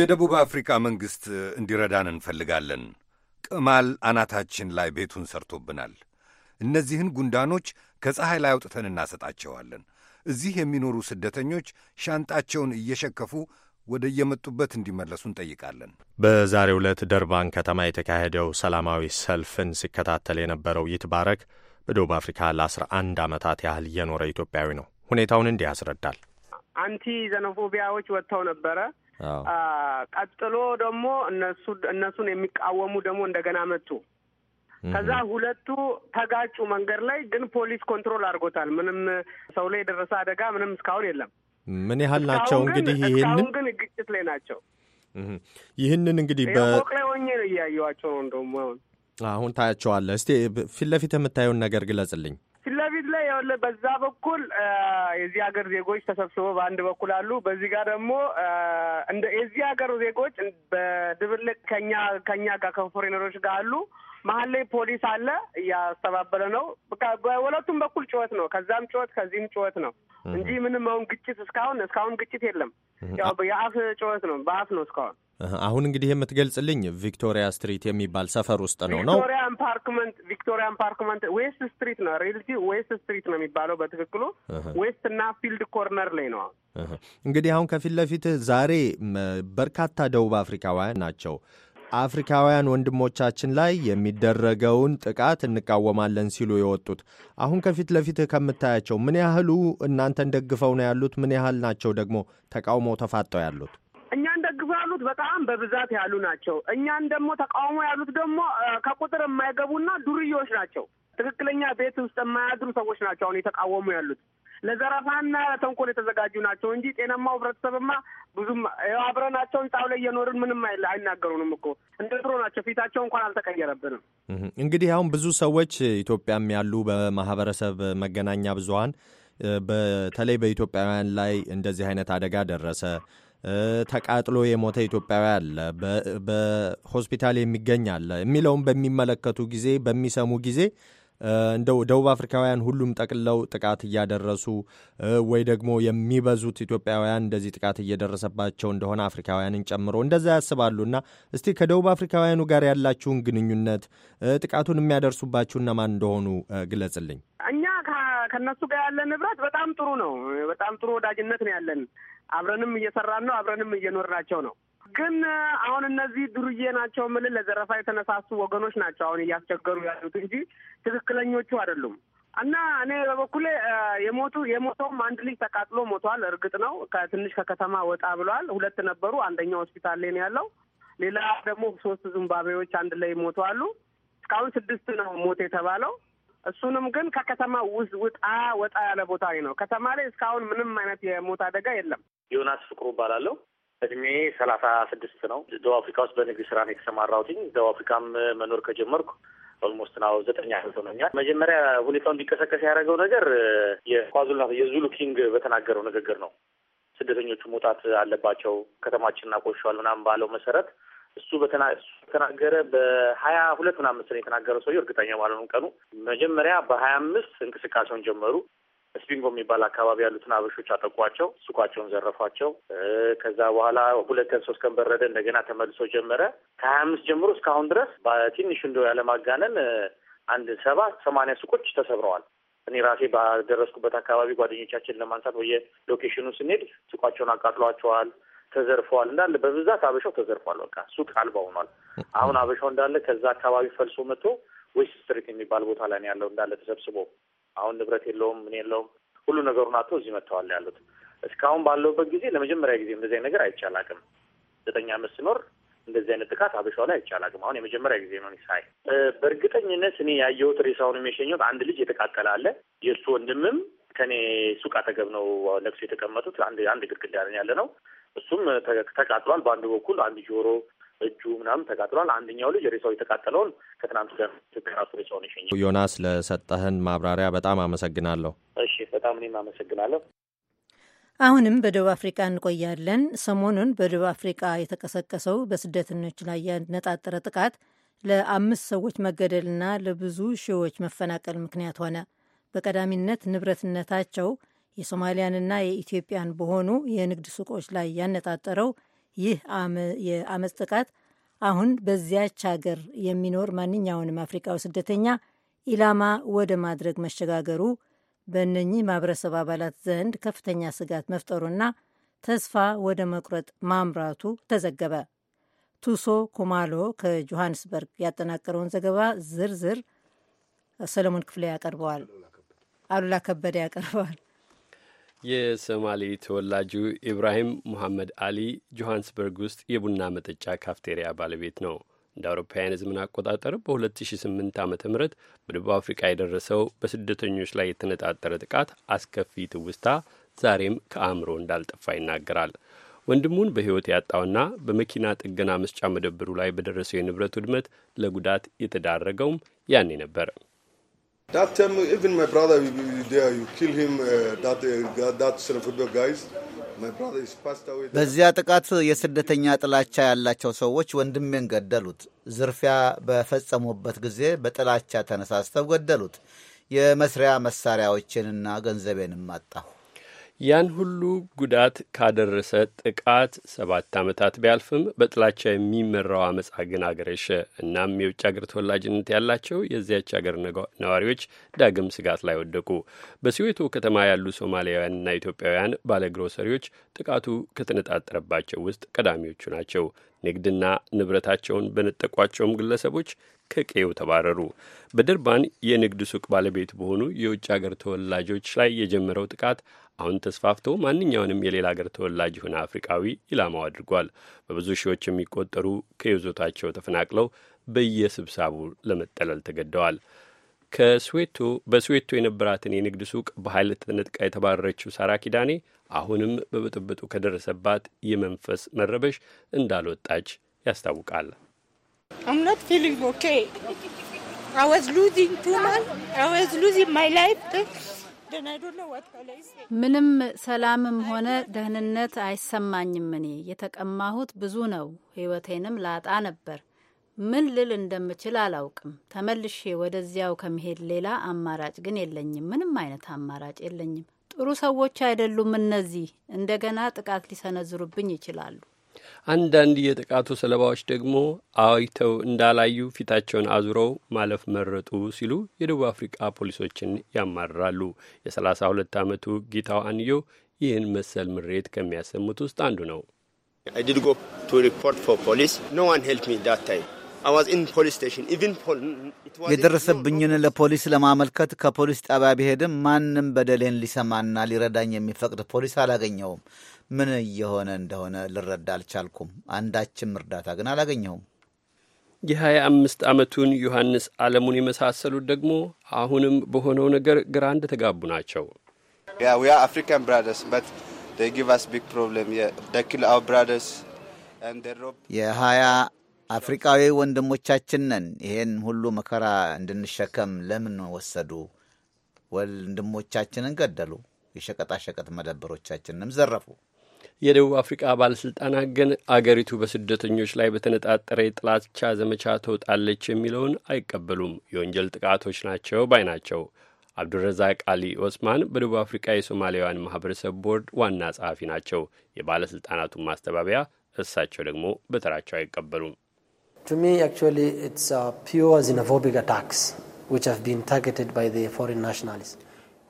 የደቡብ አፍሪካ መንግሥት እንዲረዳን እንፈልጋለን። ቅማል አናታችን ላይ ቤቱን ሰርቶብናል። እነዚህን ጉንዳኖች ከፀሐይ ላይ አውጥተን እናሰጣቸዋለን። እዚህ የሚኖሩ ስደተኞች ሻንጣቸውን እየሸከፉ ወደ የመጡበት እንዲመለሱ እንጠይቃለን። በዛሬ ዕለት ደርባን ከተማ የተካሄደው ሰላማዊ ሰልፍን ሲከታተል የነበረው ይትባረክ በደቡብ አፍሪካ ለ11 ዓመታት ያህል እየኖረ ኢትዮጵያዊ ነው። ሁኔታውን እንዲህ ያስረዳል። አንቲ ዘኖፎቢያዎች ወጥተው ነበረ። ቀጥሎ ደግሞ እነሱ እነሱን የሚቃወሙ ደግሞ እንደገና መጡ። ከዛ ሁለቱ ተጋጩ መንገድ ላይ ግን ፖሊስ ኮንትሮል አድርጎታል። ምንም ሰው ላይ የደረሰ አደጋ ምንም እስካሁን የለም። ምን ያህል ናቸው እንግዲህ ይህንን ግን ግጭት ላይ ናቸው። ይህንን እንግዲህ በፎቅ ላይ ሆኜ ነው እያየኋቸው ነው። እንደውም አሁን አሁን ታያቸዋለህ። እስቲ ፊት ለፊት የምታየውን ነገር ግለጽልኝ። ፊት ለፊት ላይ በዛ በኩል የዚህ ሀገር ዜጎች ተሰብስበው በአንድ በኩል አሉ። በዚህ ጋር ደግሞ እንደ የዚህ ሀገር ዜጎች በድብልቅ ከኛ ከኛ ጋር ከፎሬነሮች ጋር አሉ። መሀል ላይ ፖሊስ አለ እያስተባበረ ነው። በሁለቱም በኩል ጩኸት ነው። ከዛም ጩኸት ከዚህም ጩኸት ነው እንጂ ምንም አሁን ግጭት እስካሁን እስካሁን ግጭት የለም። ያው የአፍ ጩኸት ነው፣ በአፍ ነው እስካሁን። አሁን እንግዲህ የምትገልጽልኝ ቪክቶሪያ ስትሪት የሚባል ሰፈር ውስጥ ነው ነው ቪክቶሪያን ፓርክመንት ቪክቶሪያን ፓርክመንት ዌስት ስትሪት ነው ሪልቲ ዌስት ስትሪት ነው የሚባለው በትክክሉ ዌስት እና ፊልድ ኮርነር ላይ ነው። እንግዲህ አሁን ከፊት ለፊት ዛሬ በርካታ ደቡብ አፍሪካውያን ናቸው አፍሪካውያን ወንድሞቻችን ላይ የሚደረገውን ጥቃት እንቃወማለን ሲሉ የወጡት አሁን ከፊት ለፊት ከምታያቸው ምን ያህሉ እናንተን ደግፈው ነው ያሉት? ምን ያህል ናቸው ደግሞ ተቃውሞ ተፋጠው ያሉት? እኛን ደግፈው ያሉት በጣም በብዛት ያሉ ናቸው። እኛን ደግሞ ተቃውሞ ያሉት ደግሞ ከቁጥር የማይገቡና ዱርዮች ናቸው። ትክክለኛ ቤት ውስጥ የማያድሩ ሰዎች ናቸው አሁን የተቃወሙ ያሉት። ለዘረፋና ለተንኮል የተዘጋጁ ናቸው እንጂ ጤናማው ህብረተሰብማ ብዙም አብረናቸው ጣው ላይ እየኖርን ምንም አይናገሩንም እኮ እንደ ድሮ ናቸው። ፊታቸው እንኳን አልተቀየረብንም። እንግዲህ አሁን ብዙ ሰዎች ኢትዮጵያም ያሉ በማህበረሰብ መገናኛ ብዙሀን በተለይ በኢትዮጵያውያን ላይ እንደዚህ አይነት አደጋ ደረሰ ተቃጥሎ የሞተ ኢትዮጵያዊ አለ፣ በሆስፒታል የሚገኝ አለ የሚለውን በሚመለከቱ ጊዜ በሚሰሙ ጊዜ እንደው ደቡብ አፍሪካውያን ሁሉም ጠቅለው ጥቃት እያደረሱ ወይ ደግሞ የሚበዙት ኢትዮጵያውያን እንደዚህ ጥቃት እየደረሰባቸው እንደሆነ አፍሪካውያንን ጨምሮ እንደዛ ያስባሉና እስቲ ከደቡብ አፍሪካውያኑ ጋር ያላችሁን ግንኙነት ጥቃቱን የሚያደርሱባችሁ እነማን እንደሆኑ ግለጽልኝ። እኛ ከነሱ ጋር ያለን ንብረት በጣም ጥሩ ነው። በጣም ጥሩ ወዳጅነት ነው ያለን። አብረንም እየሰራን ነው። አብረንም እየኖርናቸው ነው። ግን አሁን እነዚህ ዱርዬ ናቸው ምን ለዘረፋ የተነሳሱ ወገኖች ናቸው አሁን እያስቸገሩ ያሉት እንጂ ትክክለኞቹ አይደሉም። እና እኔ በበኩሌ የሞቱ የሞተውም አንድ ልጅ ተቃጥሎ ሞቷል። እርግጥ ነው ከትንሽ ከከተማ ወጣ ብሏል። ሁለት ነበሩ። አንደኛው ሆስፒታል ላይ ነው ያለው። ሌላ ደግሞ ሶስት ዙምባቤዎች አንድ ላይ አሉ። እስካሁን ስድስት ነው ሞት የተባለው። እሱንም ግን ከከተማ ውስጥ ውጣ ወጣ ያለ ቦታ ነው። ከተማ ላይ እስካሁን ምንም አይነት የሞት አደጋ የለም። ዮናስ ፍቅሩ እባላለሁ። እድሜ ሰላሳ ስድስት ነው። ደቡብ አፍሪካ ውስጥ በንግድ ስራ ነው የተሰማራሁትኝ። ደቡብ አፍሪካም መኖር ከጀመርኩ ኦልሞስት ናው ዘጠኝ ያህል ሆነኛል። መጀመሪያ ሁኔታው እንዲቀሰቀስ ያደረገው ነገር የኳዙልና የዙሉ ኪንግ በተናገረው ንግግር ነው። ስደተኞቹ መውጣት አለባቸው ከተማችንን አቆሸዋል ምናምን ባለው መሰረት እሱ በተናገረ በሀያ ሁለት ምናምን መሰለኝ የተናገረው ሰውዬው እርግጠኛ ባልሆንም ቀኑ መጀመሪያ በሀያ አምስት እንቅስቃሴውን ጀመሩ። ስፒንጎ የሚባል አካባቢ ያሉትን አበሾች አጠቋቸው፣ ሱቃቸውን ዘረፏቸው። ከዛ በኋላ ሁለት ቀን ሶስት ቀን በረደ፣ እንደገና ተመልሶ ጀመረ። ከሀያ አምስት ጀምሮ እስካሁን ድረስ በትንሽ እንደ ያለማጋነን አንድ ሰባ ሰማንያ ሱቆች ተሰብረዋል። እኔ ራሴ ባደረስኩበት አካባቢ ጓደኞቻችን ለማንሳት ወየ ሎኬሽኑ ስንሄድ ሱቋቸውን አቃጥሏቸዋል፣ ተዘርፈዋል። እንዳለ በብዛት አበሻው ተዘርፏል። በቃ ሱቅ አልባ ሆኗል። አሁን አበሻው እንዳለ ከዛ አካባቢ ፈልሶ መጥቶ ዌስት ስትሪት የሚባል ቦታ ላይ ያለው እንዳለ ተሰብስቦ አሁን ንብረት የለውም ምን የለውም ሁሉ ነገሩን አቶ እዚህ መጥተዋል ያሉት። እስካሁን ባለውበት ጊዜ ለመጀመሪያ ጊዜ እንደዚህ ነገር አይቻላቅም ዘጠኝ አመት ስኖር እንደዚህ አይነት ጥቃት አበሻው ላይ አይቻላቅም አሁን የመጀመሪያ ጊዜ ነው ሳይ። በእርግጠኝነት እኔ ያየሁት ሬሳውን የሚሸኘት አንድ ልጅ የተቃጠለ አለ። የእሱ ወንድምም ከኔ ሱቅ አጠገብ ነው ለቅሶ የተቀመጡት። አንድ አንድ ግድግዳ ያለ ነው። እሱም ተቃጥሏል። በአንድ በኩል አንድ ጆሮ እጁ ምናምን ተቃጥሏል። አንደኛው ልጅ ሬሳው የተቃጠለውን ከትናንቱ ወዲያ ሬሳውን የሸኘ። ዮናስ ለሰጠህን ማብራሪያ በጣም አመሰግናለሁ። እሺ፣ በጣም እኔም አመሰግናለሁ። አሁንም በደቡብ አፍሪቃ እንቆያለን። ሰሞኑን በደቡብ አፍሪቃ የተቀሰቀሰው በስደተኞች ላይ ያነጣጠረ ጥቃት ለአምስት ሰዎች መገደልና ለብዙ ሺዎች መፈናቀል ምክንያት ሆነ። በቀዳሚነት ንብረትነታቸው የሶማሊያንና የኢትዮጵያን በሆኑ የንግድ ሱቆች ላይ ያነጣጠረው ይህ የአመፅ ጥቃት አሁን በዚያች ሀገር የሚኖር ማንኛውንም አፍሪካዊ ስደተኛ ኢላማ ወደ ማድረግ መሸጋገሩ በእነኚህ ማህበረሰብ አባላት ዘንድ ከፍተኛ ስጋት መፍጠሩና ተስፋ ወደ መቁረጥ ማምራቱ ተዘገበ። ቱሶ ኩማሎ ከጆሃንስበርግ ያጠናቀረውን ዘገባ ዝርዝር ሰለሞን ክፍሌ ያቀርበዋል። አሉላ ከበደ ያቀርበዋል። የሶማሌ ተወላጁ ኢብራሂም ሙሐመድ አሊ ጆሃንስበርግ ውስጥ የቡና መጠጫ ካፍቴሪያ ባለቤት ነው። እንደ አውሮፓውያን የዘመን አቆጣጠር በ2008 ዓ ም በደቡብ አፍሪካ የደረሰው በስደተኞች ላይ የተነጣጠረ ጥቃት አስከፊ ትውስታ ዛሬም ከአእምሮ እንዳልጠፋ ይናገራል። ወንድሙን በሕይወት ያጣውና በመኪና ጥገና መስጫ መደብሩ ላይ በደረሰው የንብረት ውድመት ለጉዳት የተዳረገውም ያኔ ነበር። That time, even my brother, there you kill him. Uh, uh, that that Senegal guys. በዚያ ጥቃት የስደተኛ ጥላቻ ያላቸው ሰዎች ወንድሜን ገደሉት። ዝርፊያ በፈጸሙበት ጊዜ በጥላቻ ተነሳስተው ገደሉት። የመስሪያ መሳሪያዎችንና ገንዘቤንም አጣሁ። ያን ሁሉ ጉዳት ካደረሰ ጥቃት ሰባት ዓመታት ቢያልፍም በጥላቻ የሚመራው አመፃ ግን አገረሸ። እናም የውጭ አገር ተወላጅነት ያላቸው የዚያች አገር ነዋሪዎች ዳግም ስጋት ላይ ወደቁ። በሲዌቶ ከተማ ያሉ ሶማሊያውያንና ኢትዮጵያውያን ባለግሮሰሪዎች ጥቃቱ ከተነጣጠረባቸው ውስጥ ቀዳሚዎቹ ናቸው። ንግድና ንብረታቸውን በነጠቋቸውም ግለሰቦች ከቀዬው ተባረሩ። በደርባን የንግድ ሱቅ ባለቤት በሆኑ የውጭ አገር ተወላጆች ላይ የጀመረው ጥቃት አሁን ተስፋፍቶ ማንኛውንም የሌላ አገር ተወላጅ የሆነ አፍሪቃዊ ኢላማው አድርጓል። በብዙ ሺዎች የሚቆጠሩ ከይዞታቸው ተፈናቅለው በየስብሳቡ ለመጠለል ተገደዋል። ከስዌቶ በስዌቶ የነበራትን የንግድ ሱቅ በኃይል ተነጥቃ የተባረረችው ሳራ ኪዳኔ አሁንም በብጥብጡ ከደረሰባት የመንፈስ መረበሽ እንዳልወጣች ያስታውቃል። ምንም ሰላምም ሆነ ደህንነት አይሰማኝም። እኔ የተቀማሁት ብዙ ነው። ህይወቴንም ላጣ ነበር። ምን ልል እንደምችል አላውቅም። ተመልሼ ወደዚያው ከመሄድ ሌላ አማራጭ ግን የለኝም። ምንም አይነት አማራጭ የለኝም። ጥሩ ሰዎች አይደሉም እነዚህ። እንደገና ጥቃት ሊሰነዝሩብኝ ይችላሉ። አንዳንድ የጥቃቱ ሰለባዎች ደግሞ አይተው እንዳላዩ ፊታቸውን አዙረው ማለፍ መረጡ ሲሉ የደቡብ አፍሪቃ ፖሊሶችን ያማርራሉ። የሰላሳ ሁለት ዓመቱ ጌታው አንዮ ይህን መሰል ምሬት ከሚያሰሙት ውስጥ አንዱ ነው። የደረሰብኝን ለፖሊስ ለማመልከት ከፖሊስ ጣቢያ ብሄድም ማንም በደሌን ሊሰማና ሊረዳኝ የሚፈቅድ ፖሊስ አላገኘውም። ምን እየሆነ እንደሆነ ልረዳ አልቻልኩም። አንዳችም እርዳታ ግን አላገኘውም። የሀያ አምስት ዓመቱን ዮሐንስ አለሙን የመሳሰሉት ደግሞ አሁንም በሆነው ነገር ግራ እንደተጋቡ ናቸው። አፍሪካን ብራደርስ በት ጊቭ አስ ቢግ ፕሮብለም የሀያ አፍሪቃዊ ወንድሞቻችን ነን። ይሄን ሁሉ መከራ እንድንሸከም ለምን ወሰዱ? ወንድሞቻችንን ገደሉ፣ የሸቀጣሸቀጥ መደብሮቻችንንም ዘረፉ። የደቡብ አፍሪቃ ባለስልጣናት ግን አገሪቱ በስደተኞች ላይ በተነጣጠረ የጥላቻ ዘመቻ ተውጣለች የሚለውን አይቀበሉም። የወንጀል ጥቃቶች ናቸው ባይ ናቸው። አብዱረዛቅ አሊ ኦስማን በደቡብ አፍሪቃ የሶማሊያውያን ማህበረሰብ ቦርድ ዋና ጸሐፊ ናቸው። የባለሥልጣናቱን ማስተባበያ እሳቸው ደግሞ በተራቸው አይቀበሉም። To me, actually, it's uh, pure xenophobic attacks which have been targeted by the foreign nationalists.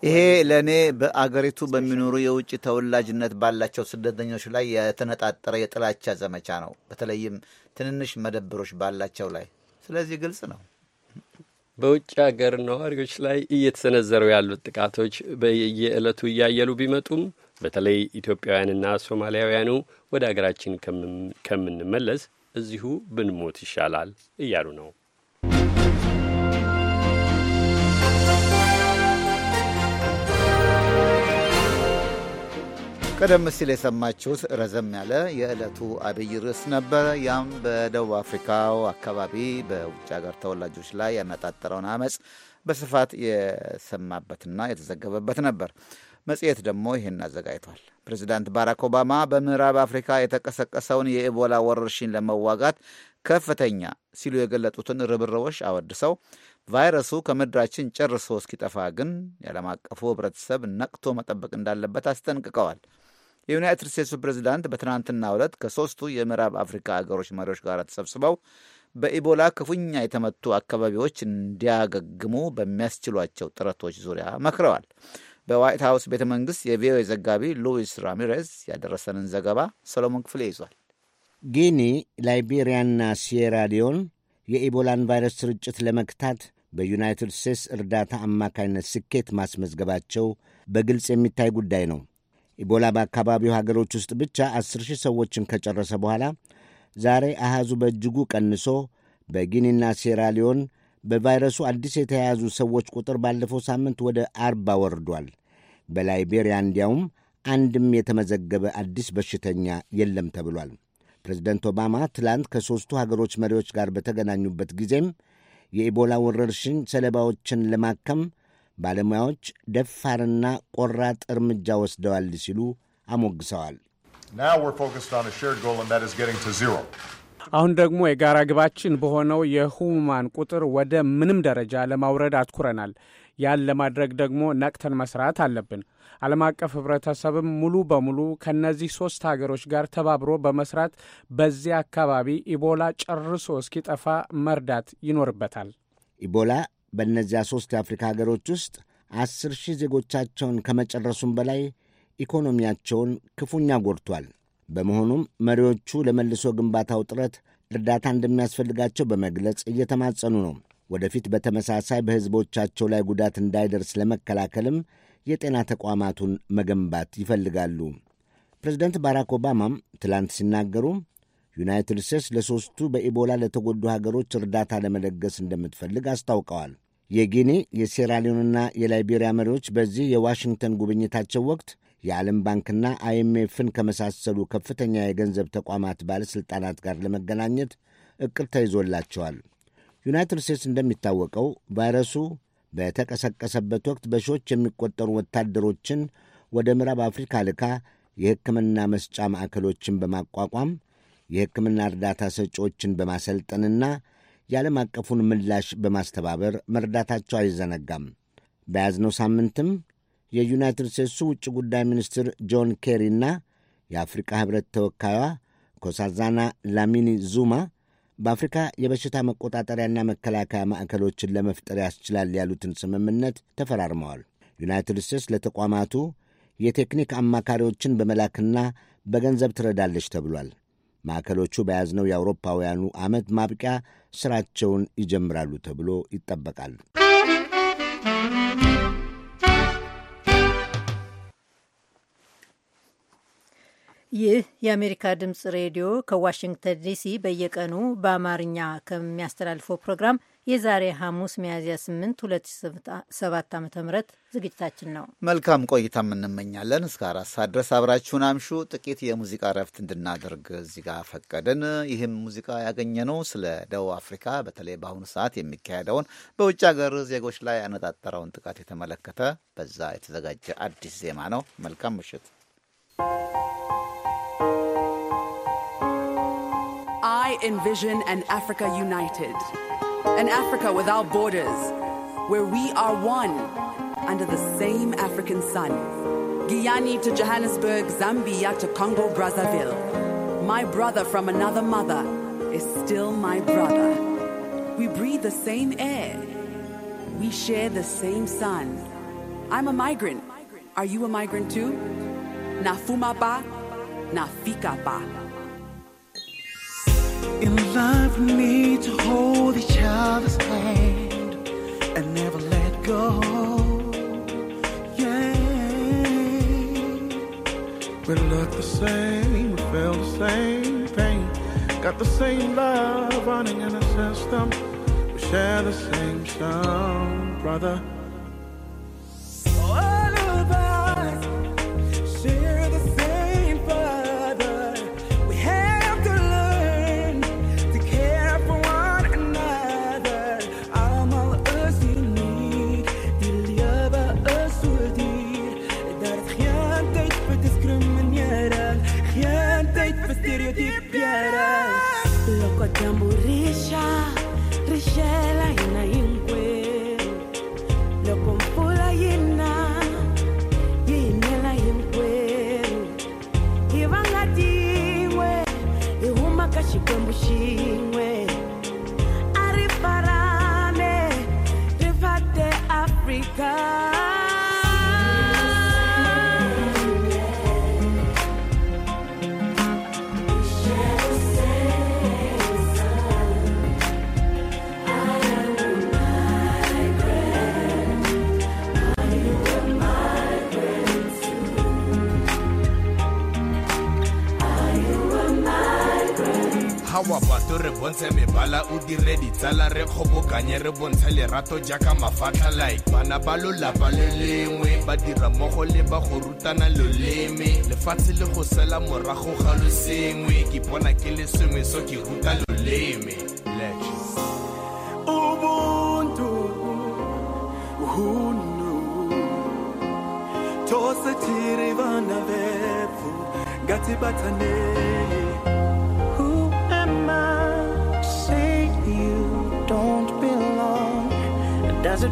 ይሄ ለእኔ በአገሪቱ በሚኖሩ የውጭ ተወላጅነት ባላቸው ስደተኞች ላይ የተነጣጠረ የጥላቻ ዘመቻ ነው፣ በተለይም ትንንሽ መደብሮች ባላቸው ላይ። ስለዚህ ግልጽ ነው በውጭ ሀገር ነዋሪዎች ላይ እየተሰነዘሩ ያሉት ጥቃቶች በየዕለቱ እያየሉ ቢመጡም በተለይ ኢትዮጵያውያንና ሶማሊያውያኑ ወደ አገራችን ከምንመለስ እዚሁ ብንሞት ይሻላል እያሉ ነው። ቀደም ሲል የሰማችሁት ረዘም ያለ የዕለቱ አብይ ርዕስ ነበረ። ያም በደቡብ አፍሪካው አካባቢ በውጭ ሀገር ተወላጆች ላይ ያነጣጠረውን አመፅ በስፋት የሰማበትና የተዘገበበት ነበር። መጽሔት ደግሞ ይህን አዘጋጅቷል። ፕሬዚዳንት ባራክ ኦባማ በምዕራብ አፍሪካ የተቀሰቀሰውን የኢቦላ ወረርሽኝ ለመዋጋት ከፍተኛ ሲሉ የገለጡትን ርብርቦች አወድሰው ቫይረሱ ከምድራችን ጨርሶ እስኪጠፋ ግን የዓለም አቀፉ ሕብረተሰብ ነቅቶ መጠበቅ እንዳለበት አስጠንቅቀዋል። የዩናይትድ ስቴትሱ ፕሬዚዳንት በትናንትናው ዕለት ከሦስቱ የምዕራብ አፍሪካ አገሮች መሪዎች ጋር ተሰብስበው በኢቦላ ክፉኛ የተመቱ አካባቢዎች እንዲያገግሙ በሚያስችሏቸው ጥረቶች ዙሪያ መክረዋል። በዋይት ሀውስ ቤተ መንግሥት የቪኦኤ ዘጋቢ ሉዊስ ራሚሬዝ ያደረሰንን ዘገባ ሰሎሞን ክፍሌ ይዟል። ጊኒ፣ ላይቤሪያና ሲየራ ሊዮን የኢቦላን ቫይረስ ስርጭት ለመግታት በዩናይትድ ስቴትስ እርዳታ አማካኝነት ስኬት ማስመዝገባቸው በግልጽ የሚታይ ጉዳይ ነው። ኢቦላ በአካባቢው ሀገሮች ውስጥ ብቻ አስር ሺህ ሰዎችን ከጨረሰ በኋላ ዛሬ አሃዙ በእጅጉ ቀንሶ በጊኒና ሴራ ሊዮን በቫይረሱ አዲስ የተያያዙ ሰዎች ቁጥር ባለፈው ሳምንት ወደ አርባ ወርዷል። በላይቤሪያ እንዲያውም አንድም የተመዘገበ አዲስ በሽተኛ የለም ተብሏል። ፕሬዝደንት ኦባማ ትላንት ከሦስቱ ሀገሮች መሪዎች ጋር በተገናኙበት ጊዜም የኢቦላ ወረርሽኝ ሰለባዎችን ለማከም ባለሙያዎች ደፋርና ቆራጥ እርምጃ ወስደዋል ሲሉ አሞግሰዋል። አሁን ደግሞ የጋራ ግባችን በሆነው የህሙማን ቁጥር ወደ ምንም ደረጃ ለማውረድ አትኩረናል። ያን ለማድረግ ደግሞ ነቅተን መስራት አለብን። ዓለም አቀፍ ህብረተሰብም ሙሉ በሙሉ ከእነዚህ ሶስት ሀገሮች ጋር ተባብሮ በመስራት በዚህ አካባቢ ኢቦላ ጨርሶ እስኪጠፋ መርዳት ይኖርበታል። ኢቦላ በእነዚያ ሦስት የአፍሪካ ሀገሮች ውስጥ አስር ሺህ ዜጎቻቸውን ከመጨረሱም በላይ ኢኮኖሚያቸውን ክፉኛ ጎድቷል። በመሆኑም መሪዎቹ ለመልሶ ግንባታው ጥረት እርዳታ እንደሚያስፈልጋቸው በመግለጽ እየተማጸኑ ነው። ወደፊት በተመሳሳይ በሕዝቦቻቸው ላይ ጉዳት እንዳይደርስ ለመከላከልም የጤና ተቋማቱን መገንባት ይፈልጋሉ። ፕሬዝደንት ባራክ ኦባማም ትላንት ሲናገሩ ዩናይትድ ስቴትስ ለሦስቱ በኢቦላ ለተጎዱ ሀገሮች እርዳታ ለመለገስ እንደምትፈልግ አስታውቀዋል። የጊኒ የሴራሊዮንና የላይቤሪያ መሪዎች በዚህ የዋሽንግተን ጉብኝታቸው ወቅት የዓለም ባንክና አይኤምኤፍን ከመሳሰሉ ከፍተኛ የገንዘብ ተቋማት ባለሥልጣናት ጋር ለመገናኘት እቅድ ተይዞላቸዋል። ዩናይትድ ስቴትስ እንደሚታወቀው ቫይረሱ በተቀሰቀሰበት ወቅት በሺዎች የሚቆጠሩ ወታደሮችን ወደ ምዕራብ አፍሪካ ልካ የሕክምና መስጫ ማዕከሎችን በማቋቋም የሕክምና እርዳታ ሰጪዎችን በማሰልጠንና የዓለም አቀፉን ምላሽ በማስተባበር መርዳታቸው አይዘነጋም። በያዝነው ሳምንትም የዩናይትድ ስቴትሱ ውጭ ጉዳይ ሚኒስትር ጆን ኬሪና የአፍሪካ ኅብረት ተወካዩዋ ኮሳዛና ላሚኒ ዙማ በአፍሪካ የበሽታ መቆጣጠሪያና መከላከያ ማዕከሎችን ለመፍጠር ያስችላል ያሉትን ስምምነት ተፈራርመዋል። ዩናይትድ ስቴትስ ለተቋማቱ የቴክኒክ አማካሪዎችን በመላክና በገንዘብ ትረዳለች ተብሏል። ማዕከሎቹ በያዝነው የአውሮፓውያኑ ዓመት ማብቂያ ሥራቸውን ይጀምራሉ ተብሎ ይጠበቃል። ይህ የአሜሪካ ድምፅ ሬዲዮ ከዋሽንግተን ዲሲ በየቀኑ በአማርኛ ከሚያስተላልፈው ፕሮግራም የዛሬ ሐሙስ ሚያዝያ 8 2007 ዓ ም ዝግጅታችን ነው። መልካም ቆይታም እንመኛለን። እስከ አራት ሰዓት ድረስ አብራችሁን አምሹ። ጥቂት የሙዚቃ ረፍት እንድናደርግ እዚህ ጋር ፈቀድን። ይህም ሙዚቃ ያገኘ ነው ስለ ደቡብ አፍሪካ በተለይ በአሁኑ ሰዓት የሚካሄደውን በውጭ ሀገር ዜጎች ላይ ያነጣጠረውን ጥቃት የተመለከተ በዛ የተዘጋጀ አዲስ ዜማ ነው። መልካም ምሽት። envision an Africa united, an Africa without borders, where we are one under the same African sun. Guyana to Johannesburg, Zambia to Congo Brazzaville. My brother from another mother is still my brother. We breathe the same air. We share the same sun. I'm a migrant. Are you a migrant too? ba, nafika ba. In life, we need to hold each other's hand and never let go. Yeah. We look the same, we feel the same pain. Got the same love running in the system. We share the same sound, brother. molato re bontshe mebala o dire ditsala re kgobokanye re bontshe lerato jaaka mafatlha like bana ba lolapa le lengwe ba dira mmogo le ba go rutana loleme lefatshe le go sela morago ga lo sengwe ke bona ke le sengwe so ke ruta loleme tose vana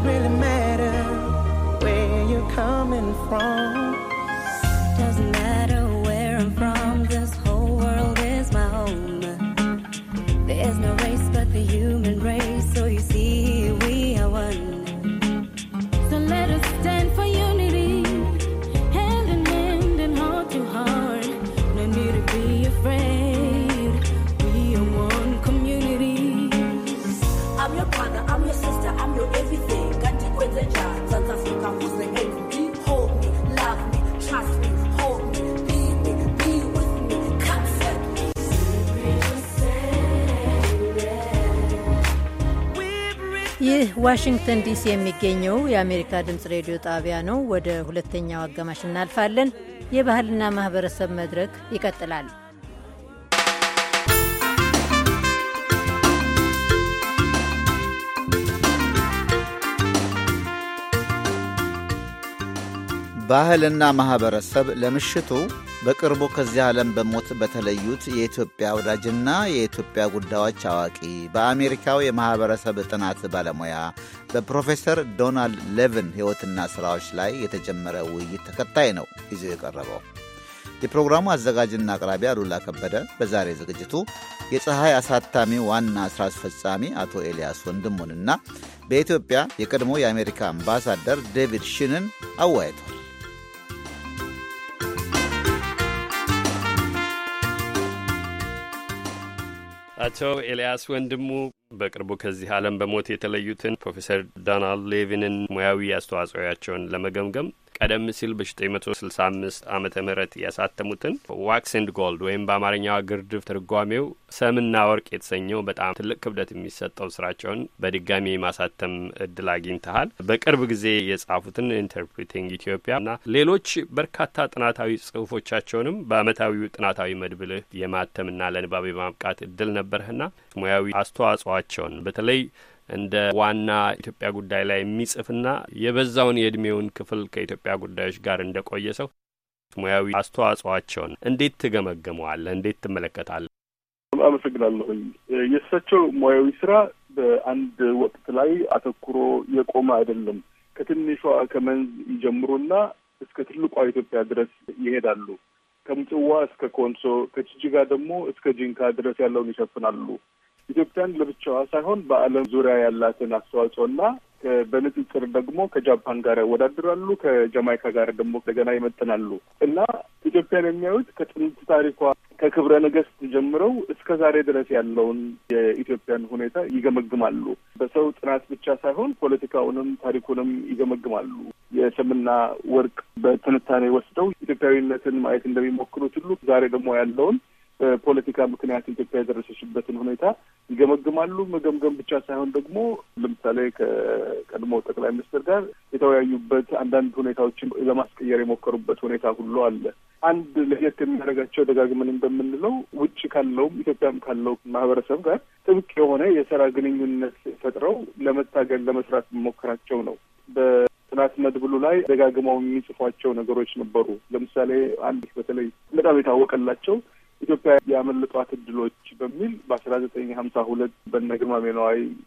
really matters. ዋሽንግተን ዲሲ የሚገኘው የአሜሪካ ድምፅ ሬዲዮ ጣቢያ ነው። ወደ ሁለተኛው አጋማሽ እናልፋለን። የባህልና ማህበረሰብ መድረክ ይቀጥላል። ባህልና ማህበረሰብ ለምሽቱ በቅርቡ ከዚህ ዓለም በሞት በተለዩት የኢትዮጵያ ወዳጅና የኢትዮጵያ ጉዳዮች አዋቂ በአሜሪካው የማኅበረሰብ ጥናት ባለሙያ በፕሮፌሰር ዶናልድ ሌቭን ሕይወትና ሥራዎች ላይ የተጀመረ ውይይት ተከታይ ነው ይዞ የቀረበው። የፕሮግራሙ አዘጋጅና አቅራቢ አሉላ ከበደ በዛሬ ዝግጅቱ የፀሐይ አሳታሚ ዋና ሥራ አስፈጻሚ አቶ ኤልያስ ወንድሙንና በኢትዮጵያ የቀድሞ የአሜሪካ አምባሳደር ዴቪድ ሽንን አወያይቷል። አቶ ኤልያስ ወንድሙ በቅርቡ ከዚህ ዓለም በሞት የተለዩትን ፕሮፌሰር ዶናልድ ሌቪንን ሙያዊ አስተዋጽኦያቸውን ለመገምገም ቀደም ሲል በ 965 ዓ ም ያሳተሙትን ዋክስ ጎልድ ወይም በአማርኛዋ ግርድፍ ትርጓሜው ሰምና ወርቅ የተሰኘው በጣም ትልቅ ክብደት የሚሰጠው ስራቸውን በድጋሚ ማሳተም እድል አግኝተሃል። በቅርብ ጊዜ የጻፉትን ኢንተርፕሪቲንግ ኢትዮጵያና ሌሎች በርካታ ጥናታዊ ጽሁፎቻቸውንም በአመታዊው ጥናታዊ መድብልህ የማተምና ለንባብ የማብቃት እድል ነበርህና ሙያዊ አስተዋጽኦአቸውን በተለይ እንደ ዋና ኢትዮጵያ ጉዳይ ላይ የሚጽፍና የበዛውን የእድሜውን ክፍል ከኢትዮጵያ ጉዳዮች ጋር እንደቆየ ሰው ሙያዊ አስተዋጽኦአቸውን እንዴት ትገመግመዋለህ? እንዴት ትመለከታለህ? አመሰግናለሁኝ። የእሳቸው ሙያዊ ስራ በአንድ ወቅት ላይ አተኩሮ የቆመ አይደለም። ከትንሿ ከመንዝ ይጀምሩና እስከ ትልቋ ኢትዮጵያ ድረስ ይሄዳሉ። ከምጽዋ እስከ ኮንሶ፣ ከጅጅጋ ደግሞ እስከ ጂንካ ድረስ ያለውን ይሸፍናሉ። ኢትዮጵያን ለብቻዋ ሳይሆን በዓለም ዙሪያ ያላትን አስተዋጽኦና በንጽጽር ደግሞ ከጃፓን ጋር ያወዳድራሉ፣ ከጀማይካ ጋር ደግሞ እንደገና ይመጥናሉ እና ኢትዮጵያን የሚያዩት ከጥንት ታሪኳ ከክብረ ነገስት ጀምረው እስከ ዛሬ ድረስ ያለውን የኢትዮጵያን ሁኔታ ይገመግማሉ። በሰው ጥናት ብቻ ሳይሆን ፖለቲካውንም ታሪኩንም ይገመግማሉ። የስምና ወርቅ በትንታኔ ወስደው ኢትዮጵያዊነትን ማየት እንደሚሞክሩት ሁሉ ዛሬ ደግሞ ያለውን በፖለቲካ ምክንያት ኢትዮጵያ የደረሰችበትን ሁኔታ ይገመግማሉ። መገምገም ብቻ ሳይሆን ደግሞ ለምሳሌ ከቀድሞ ጠቅላይ ሚኒስትር ጋር የተወያዩበት አንዳንድ ሁኔታዎችን ለማስቀየር የሞከሩበት ሁኔታ ሁሉ አለ። አንድ ለየት የሚያደርጋቸው ደጋግመን እንደምንለው ውጭ ካለውም ኢትዮጵያም ካለው ማህበረሰብ ጋር ጥብቅ የሆነ የስራ ግንኙነት ፈጥረው ለመታገል ለመስራት መሞከራቸው ነው። ጥናት መድብሉ ላይ ደጋግመው የሚጽፏቸው ነገሮች ነበሩ። ለምሳሌ አንድ በተለይ በጣም የታወቀላቸው ኢትዮጵያ ያመለጧት እድሎች በሚል በአስራ ዘጠኝ ሀምሳ ሁለት በነ ግርማ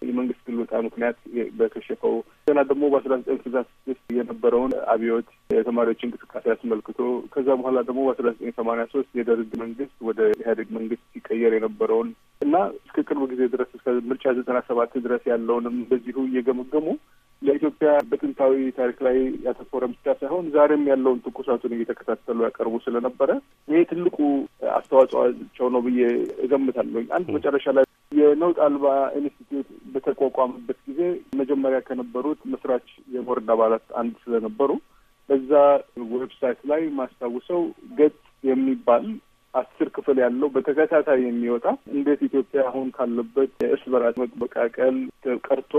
የመንግስት ግልበጣ ምክንያት በከሸፈው ገና ደግሞ በአስራ ዘጠኝ ስልሳ ስድስት የነበረውን አብዮት የተማሪዎች እንቅስቃሴ አስመልክቶ ከዛ በኋላ ደግሞ በአስራ ዘጠኝ ሰማኒያ ሶስት የደርግ መንግስት ወደ ኢህአዴግ መንግስት ሲቀየር የነበረውን እና እስከ ቅርብ ጊዜ ድረስ እስከ ምርጫ ዘጠና ሰባት ድረስ ያለውንም በዚሁ እየገመገሙ ለኢትዮጵያ በጥንታዊ ታሪክ ላይ ያተኮረ ብቻ ሳይሆን ዛሬም ያለውን ትኩሳቱን እየተከታተሉ ያቀርቡ ስለነበረ ይሄ ትልቁ አስተዋጽኦቸው ነው ብዬ እገምታለሁ። አንድ መጨረሻ ላይ የነውጥ አልባ ኢንስቲትዩት በተቋቋመበት ጊዜ መጀመሪያ ከነበሩት መስራች የቦርድ አባላት አንድ ስለነበሩ በዛ ዌብሳይት ላይ ማስታውሰው ገጽ የሚባል አስር ክፍል ያለው በተከታታይ የሚወጣ እንዴት ኢትዮጵያ አሁን ካለበት የእርስ በራስ መበቃቀል ቀርቶ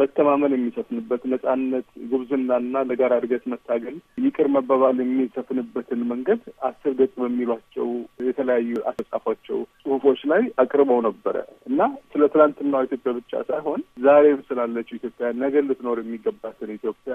መተማመን የሚሰፍንበት ነጻነት፣ ጉብዝናና ለጋራ እድገት መታገል፣ ይቅር መባባል የሚሰፍንበትን መንገድ አስር ገጽ በሚሏቸው የተለያዩ አስተጻፏቸው ጽሁፎች ላይ አቅርበው ነበረ እና ስለ ትናንትናዋ ኢትዮጵያ ብቻ ሳይሆን ዛሬም ስላለችው ኢትዮጵያ፣ ነገ ልትኖር የሚገባትን ኢትዮጵያ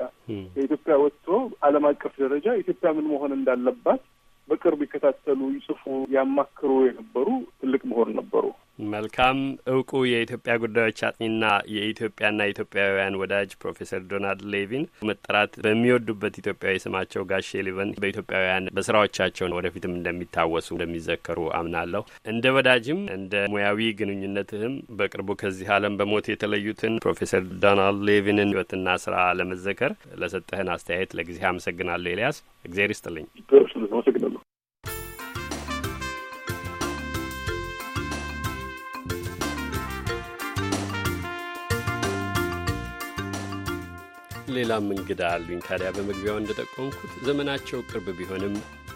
ከኢትዮጵያ ወጥቶ ዓለም አቀፍ ደረጃ ኢትዮጵያ ምን መሆን እንዳለባት በቅርብ ይከታተሉ፣ ይጽፉ፣ ያማክሩ የነበሩ ትልቅ መሆን ነበሩ። መልካም እውቁ የኢትዮጵያ ጉዳዮች አጥኚና የኢትዮጵያና ኢትዮጵያውያን ወዳጅ ፕሮፌሰር ዶናልድ ሌቪን መጠራት በሚወዱበት ኢትዮጵያዊ ስማቸው ጋሼ ሊቨን በኢትዮጵያውያን በስራዎቻቸው ወደፊትም እንደሚታወሱ እንደሚዘከሩ አምናለሁ። እንደ ወዳጅም እንደ ሙያዊ ግንኙነትህም በቅርቡ ከዚህ ዓለም በሞት የተለዩትን ፕሮፌሰር ዶናልድ ሌቪንን ህይወትና ስራ ለመዘከር ለሰጠህን አስተያየት ለጊዜ አመሰግናለሁ። ኤልያስ እግዜር ይስጥልኝ። ሌላም እንግዳ አሉኝ። ታዲያ በመግቢያው እንደጠቆምኩት ዘመናቸው ቅርብ ቢሆንም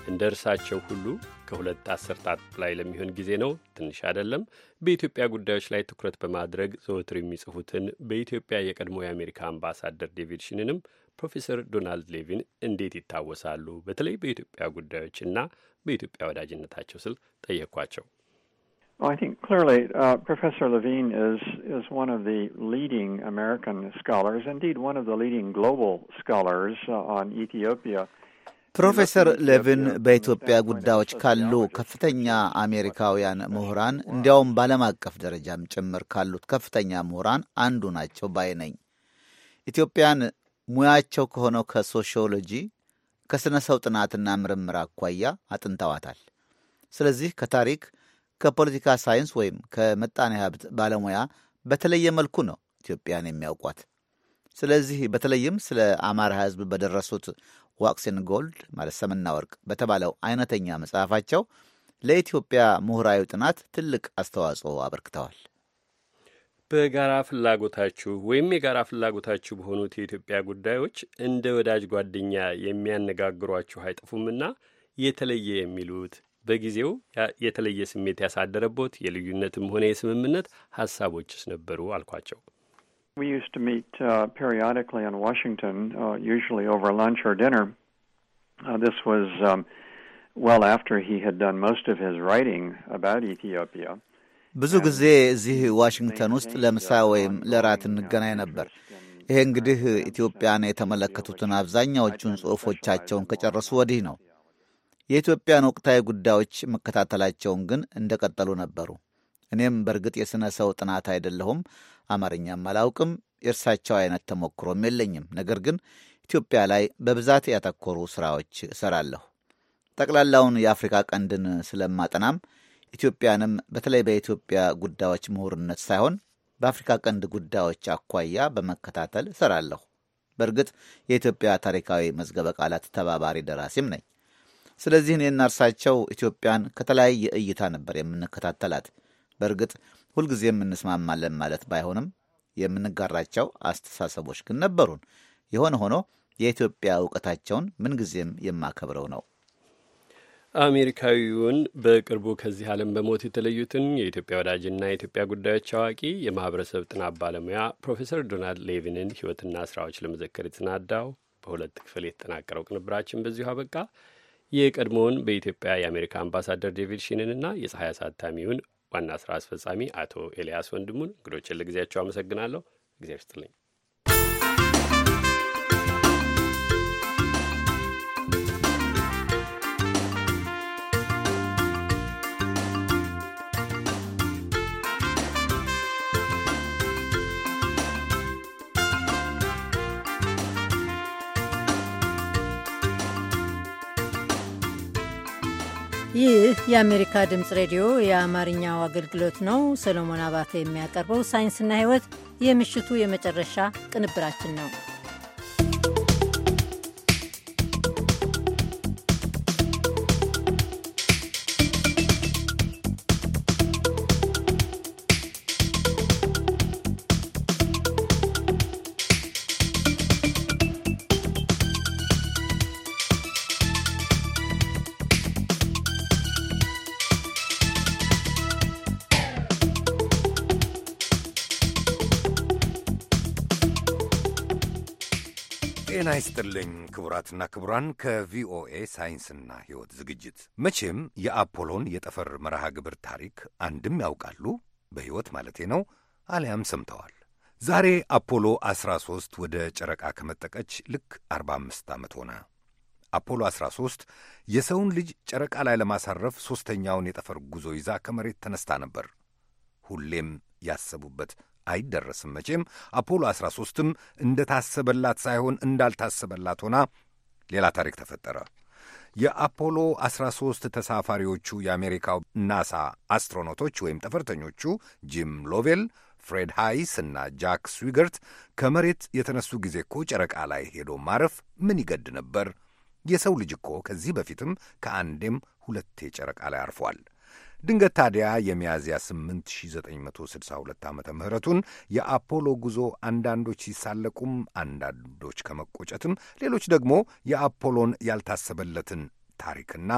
እንደ እርሳቸው ሁሉ ከሁለት አስርታት ላይ ለሚሆን ጊዜ ነው፣ ትንሽ አይደለም። በኢትዮጵያ ጉዳዮች ላይ ትኩረት በማድረግ ዘወትር የሚጽፉትን በኢትዮጵያ የቀድሞ የአሜሪካ አምባሳደር ዴቪድ ሽንንም ፕሮፌሰር ዶናልድ ሌቪን እንዴት ይታወሳሉ? በተለይ በኢትዮጵያ ጉዳዮችና በኢትዮጵያ ወዳጅነታቸው ስል ጠየኳቸው። Well, I think clearly uh, Professor Levine is is one of the leading American scholars, indeed one of the leading global scholars uh, on Ethiopia. ፕሮፌሰር ሌቪን በኢትዮጵያ ጉዳዮች ካሉ ከፍተኛ አሜሪካውያን ምሁራን እንዲያውም በዓለም አቀፍ ደረጃም ጭምር ካሉት ከፍተኛ ምሁራን አንዱ ናቸው ባይ ነኝ። ኢትዮጵያን ሙያቸው ከሆነው ከሶሺዮሎጂ ከሥነ ሰው ጥናትና ምርምር አኳያ አጥንተዋታል። ስለዚህ ከታሪክ ከፖለቲካ ሳይንስ ወይም ከምጣኔ ሀብት ባለሙያ በተለየ መልኩ ነው ኢትዮጵያን የሚያውቋት። ስለዚህ በተለይም ስለ አማራ ሕዝብ በደረሱት ዋክስን ጎልድ ማለት ሰምና ወርቅ በተባለው አይነተኛ መጽሐፋቸው ለኢትዮጵያ ምሁራዊ ጥናት ትልቅ አስተዋጽኦ አበርክተዋል። በጋራ ፍላጎታችሁ ወይም የጋራ ፍላጎታችሁ በሆኑት የኢትዮጵያ ጉዳዮች እንደ ወዳጅ ጓደኛ የሚያነጋግሯችሁ አይጠፉምና የተለየ የሚሉት በጊዜው የተለየ ስሜት ያሳደረቦት የልዩነትም ሆነ የስምምነት ሀሳቦችስ ነበሩ አልኳቸው። We used to meet uh, periodically in Washington, uh, usually over lunch or dinner. Uh, this was um, well after he had done most of his writing about Ethiopia. ብዙ ጊዜ እዚህ ዋሽንግተን ውስጥ ለምሳ ወይም ለራት እንገናኝ ነበር። ይሄ እንግዲህ ኢትዮጵያን የተመለከቱትን አብዛኛዎቹን ጽሑፎቻቸውን ከጨረሱ ወዲህ ነው። የኢትዮጵያን ወቅታዊ ጉዳዮች መከታተላቸውን ግን እንደቀጠሉ ነበሩ። እኔም በእርግጥ የሥነ ሰው ጥናት አይደለሁም፣ አማርኛም አላውቅም፣ የእርሳቸው አይነት ተሞክሮም የለኝም። ነገር ግን ኢትዮጵያ ላይ በብዛት ያተኮሩ ሥራዎች እሰራለሁ። ጠቅላላውን የአፍሪካ ቀንድን ስለማጠናም ኢትዮጵያንም በተለይ በኢትዮጵያ ጉዳዮች ምሁርነት ሳይሆን በአፍሪካ ቀንድ ጉዳዮች አኳያ በመከታተል እሰራለሁ። በእርግጥ የኢትዮጵያ ታሪካዊ መዝገበ ቃላት ተባባሪ ደራሲም ነኝ። ስለዚህ እኔና እርሳቸው ኢትዮጵያን ከተለያየ እይታ ነበር የምንከታተላት። በእርግጥ ሁልጊዜ የምንስማማለን ማለት ባይሆንም የምንጋራቸው አስተሳሰቦች ግን ነበሩን። የሆነ ሆኖ የኢትዮጵያ እውቀታቸውን ምንጊዜም የማከብረው ነው። አሜሪካዊውን በቅርቡ ከዚህ ዓለም በሞት የተለዩትን የኢትዮጵያ ወዳጅና የኢትዮጵያ ጉዳዮች አዋቂ የማህበረሰብ ጥናት ባለሙያ ፕሮፌሰር ዶናልድ ሌቪንን ሕይወትና ስራዎች ለመዘከር የተሰናዳው በሁለት ክፍል የተጠናቀረው ቅንብራችን በዚሁ አበቃ። የቀድሞውን በኢትዮጵያ የአሜሪካ አምባሳደር ዴቪድ ሺንንና የፀሐይ አሳታሚውን ዋና ስራ አስፈጻሚ አቶ ኤልያስ ወንድሙን እንግዶችን ለጊዜያቸው አመሰግናለሁ። ጊዜ ይስጥልኝ። ይህ የአሜሪካ ድምፅ ሬዲዮ የአማርኛው አገልግሎት ነው። ሰሎሞን አባተ የሚያቀርበው ሳይንስና ሕይወት የምሽቱ የመጨረሻ ቅንብራችን ነው። ጤና ይስጥልኝ ክቡራትና ክቡራን፣ ከቪኦኤ ሳይንስና ሕይወት ዝግጅት መቼም የአፖሎን የጠፈር መርሃ ግብር ታሪክ አንድም ያውቃሉ በሕይወት ማለቴ ነው፣ አሊያም ሰምተዋል። ዛሬ አፖሎ 13 ወደ ጨረቃ ከመጠቀች ልክ 45 ዓመት ሆነ። አፖሎ 13 የሰውን ልጅ ጨረቃ ላይ ለማሳረፍ ሦስተኛውን የጠፈር ጉዞ ይዛ ከመሬት ተነስታ ነበር። ሁሌም ያሰቡበት አይደረስም መቼም። አፖሎ 13ም እንደታሰበላት ሳይሆን እንዳልታሰበላት ሆና ሌላ ታሪክ ተፈጠረ። የአፖሎ 13 ተሳፋሪዎቹ የአሜሪካው ናሳ አስትሮኖቶች ወይም ጠፈርተኞቹ ጂም ሎቬል፣ ፍሬድ ሃይስ እና ጃክ ስዊገርት ከመሬት የተነሱ ጊዜ እኮ ጨረቃ ላይ ሄዶ ማረፍ ምን ይገድ ነበር? የሰው ልጅ እኮ ከዚህ በፊትም ከአንዴም ሁለቴ ጨረቃ ላይ አርፏል። ድንገት ታዲያ የሚያዝያ 8962 ዓ ምህረቱን የአፖሎ ጉዞ አንዳንዶች ሲሳለቁም፣ አንዳንዶች ከመቆጨትም፣ ሌሎች ደግሞ የአፖሎን ያልታሰበለትን ታሪክና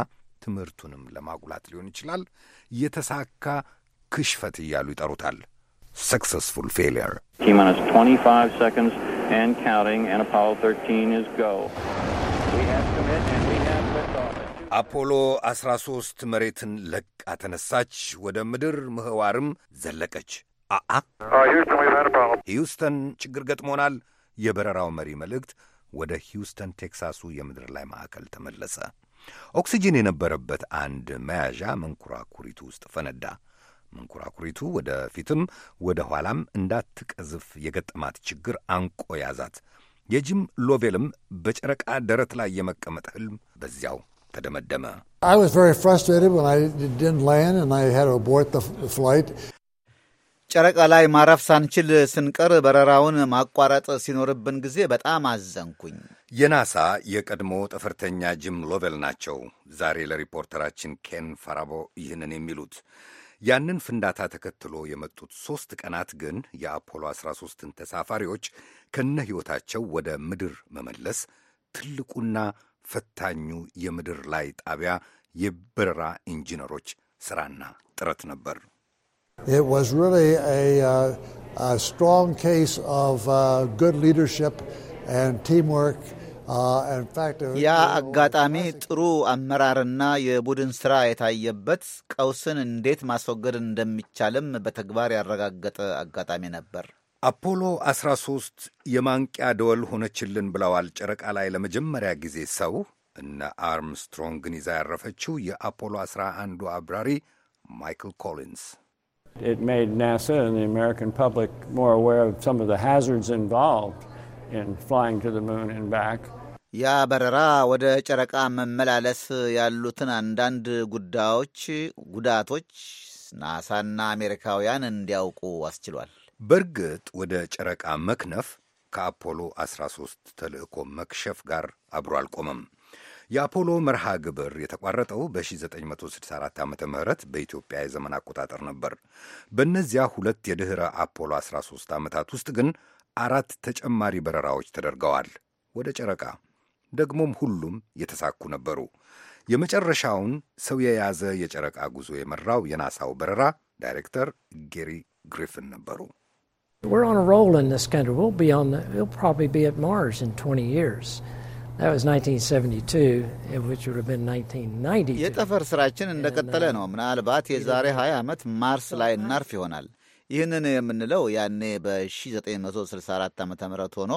ትምህርቱንም ለማጉላት ሊሆን ይችላል የተሳካ ክሽፈት እያሉ ይጠሩታል። successful failure. and counting and Apollo 13 is go. We have we have liftoff. አፖሎ 13 መሬትን ለቃ ተነሳች፣ ወደ ምድር ምህዋርም ዘለቀች። አአ ሂውስተን ችግር ገጥሞናል። የበረራው መሪ መልእክት ወደ ሂውስተን ቴክሳሱ የምድር ላይ ማዕከል ተመለሰ። ኦክሲጂን የነበረበት አንድ መያዣ መንኮራኩሪቱ ውስጥ ፈነዳ። መንኮራኩሪቱ ወደ ፊትም ወደ ኋላም እንዳትቀዝፍ የገጠማት ችግር አንቆ ያዛት። የጂም ሎቬልም በጨረቃ ደረት ላይ የመቀመጥ ሕልም በዚያው ተደመደመ። ጨረቃ ላይ ማረፍ ሳንችል ስንቀር በረራውን ማቋረጥ ሲኖርብን ጊዜ በጣም አዘንኩኝ። የናሳ የቀድሞ ጠፈርተኛ ጂም ሎቬል ናቸው ዛሬ ለሪፖርተራችን ኬን ፈራቦ ይህንን የሚሉት። ያንን ፍንዳታ ተከትሎ የመጡት ሦስት ቀናት ግን የአፖሎ 13ን ተሳፋሪዎች ከነ ሕይወታቸው ወደ ምድር መመለስ ትልቁና ፈታኙ የምድር ላይ ጣቢያ የበረራ ኢንጂነሮች ስራና ጥረት ነበር። uh, uh, ያ አጋጣሚ ጥሩ አመራርና የቡድን ስራ የታየበት ቀውስን እንዴት ማስወገድ እንደሚቻልም በተግባር ያረጋገጠ አጋጣሚ ነበር። አፖሎ 13 የማንቂያ ደወል ሆነችልን ብለዋል። ጨረቃ ላይ ለመጀመሪያ ጊዜ ሰው እነ አርምስትሮንግን ይዛ ያረፈችው የአፖሎ 11ዱ አብራሪ ማይክል ኮሊንስ ያ በረራ ወደ ጨረቃ መመላለስ ያሉትን አንዳንድ ጉዳዮች፣ ጉዳቶች ናሳና አሜሪካውያን እንዲያውቁ አስችሏል። በእርግጥ ወደ ጨረቃ መክነፍ ከአፖሎ 13 ተልእኮ መክሸፍ ጋር አብሮ አልቆመም። የአፖሎ መርሃ ግብር የተቋረጠው በ1964 ዓ ም በኢትዮጵያ የዘመን አቆጣጠር ነበር። በእነዚያ ሁለት የድኅረ አፖሎ 13 ዓመታት ውስጥ ግን አራት ተጨማሪ በረራዎች ተደርገዋል ወደ ጨረቃ። ደግሞም ሁሉም የተሳኩ ነበሩ። የመጨረሻውን ሰው የያዘ የጨረቃ ጉዞ የመራው የናሳው በረራ ዳይሬክተር ጌሪ ግሪፍን ነበሩ። We're on a roll in this country. We'll be on. The, we'll probably be at Mars in 20 years. That was 1972, which would have been 1992. የጠፈር ስራችን እንደቀጠለ ነው። ምናልባት የዛሬ 20 ዓመት ማርስ ላይ እናርፍ ይሆናል። ይህንን የምንለው ያኔ በ1964 ዓ ም ሆኖ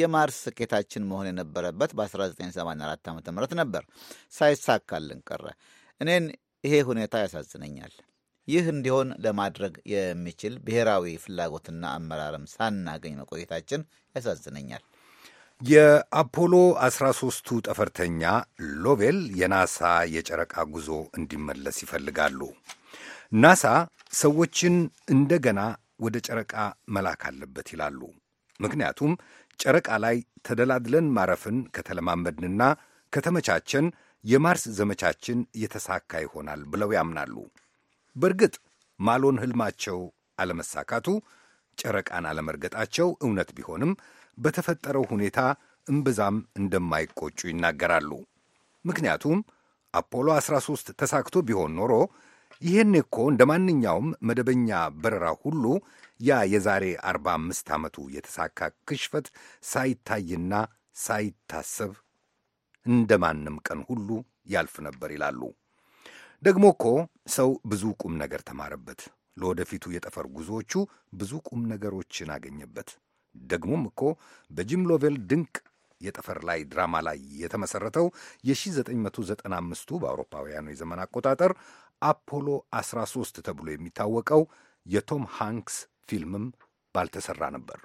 የማርስ ስኬታችን መሆን የነበረበት በ1984 ዓ ም ነበር። ሳይሳካልን ቀረ። እኔን ይሄ ሁኔታ ያሳዝነኛል። ይህ እንዲሆን ለማድረግ የሚችል ብሔራዊ ፍላጎትና አመራርም ሳናገኝ መቆየታችን ያሳዝነኛል። የአፖሎ 13ቱ ጠፈርተኛ ሎቤል የናሳ የጨረቃ ጉዞ እንዲመለስ ይፈልጋሉ። ናሳ ሰዎችን እንደገና ወደ ጨረቃ መላክ አለበት ይላሉ። ምክንያቱም ጨረቃ ላይ ተደላድለን ማረፍን ከተለማመድንና ከተመቻቸን የማርስ ዘመቻችን የተሳካ ይሆናል ብለው ያምናሉ። በእርግጥ ማሎን ህልማቸው አለመሳካቱ ጨረቃን አለመርገጣቸው እውነት ቢሆንም በተፈጠረው ሁኔታ እምብዛም እንደማይቆጩ ይናገራሉ። ምክንያቱም አፖሎ 13 ተሳክቶ ቢሆን ኖሮ ይህን እኮ እንደ ማንኛውም መደበኛ በረራ ሁሉ ያ የዛሬ 45 ዓመቱ የተሳካ ክሽፈት ሳይታይና ሳይታሰብ እንደ ማንም ቀን ሁሉ ያልፍ ነበር ይላሉ። ደግሞ እኮ ሰው ብዙ ቁም ነገር ተማረበት። ለወደፊቱ የጠፈር ጉዞዎቹ ብዙ ቁም ነገሮችን አገኘበት። ደግሞም እኮ በጂም ሎቬል ድንቅ የጠፈር ላይ ድራማ ላይ የተመሠረተው የ1995ቱ በአውሮፓውያኑ የዘመን አቆጣጠር አፖሎ 13 ተብሎ የሚታወቀው የቶም ሃንክስ ፊልምም ባልተሠራ ነበር።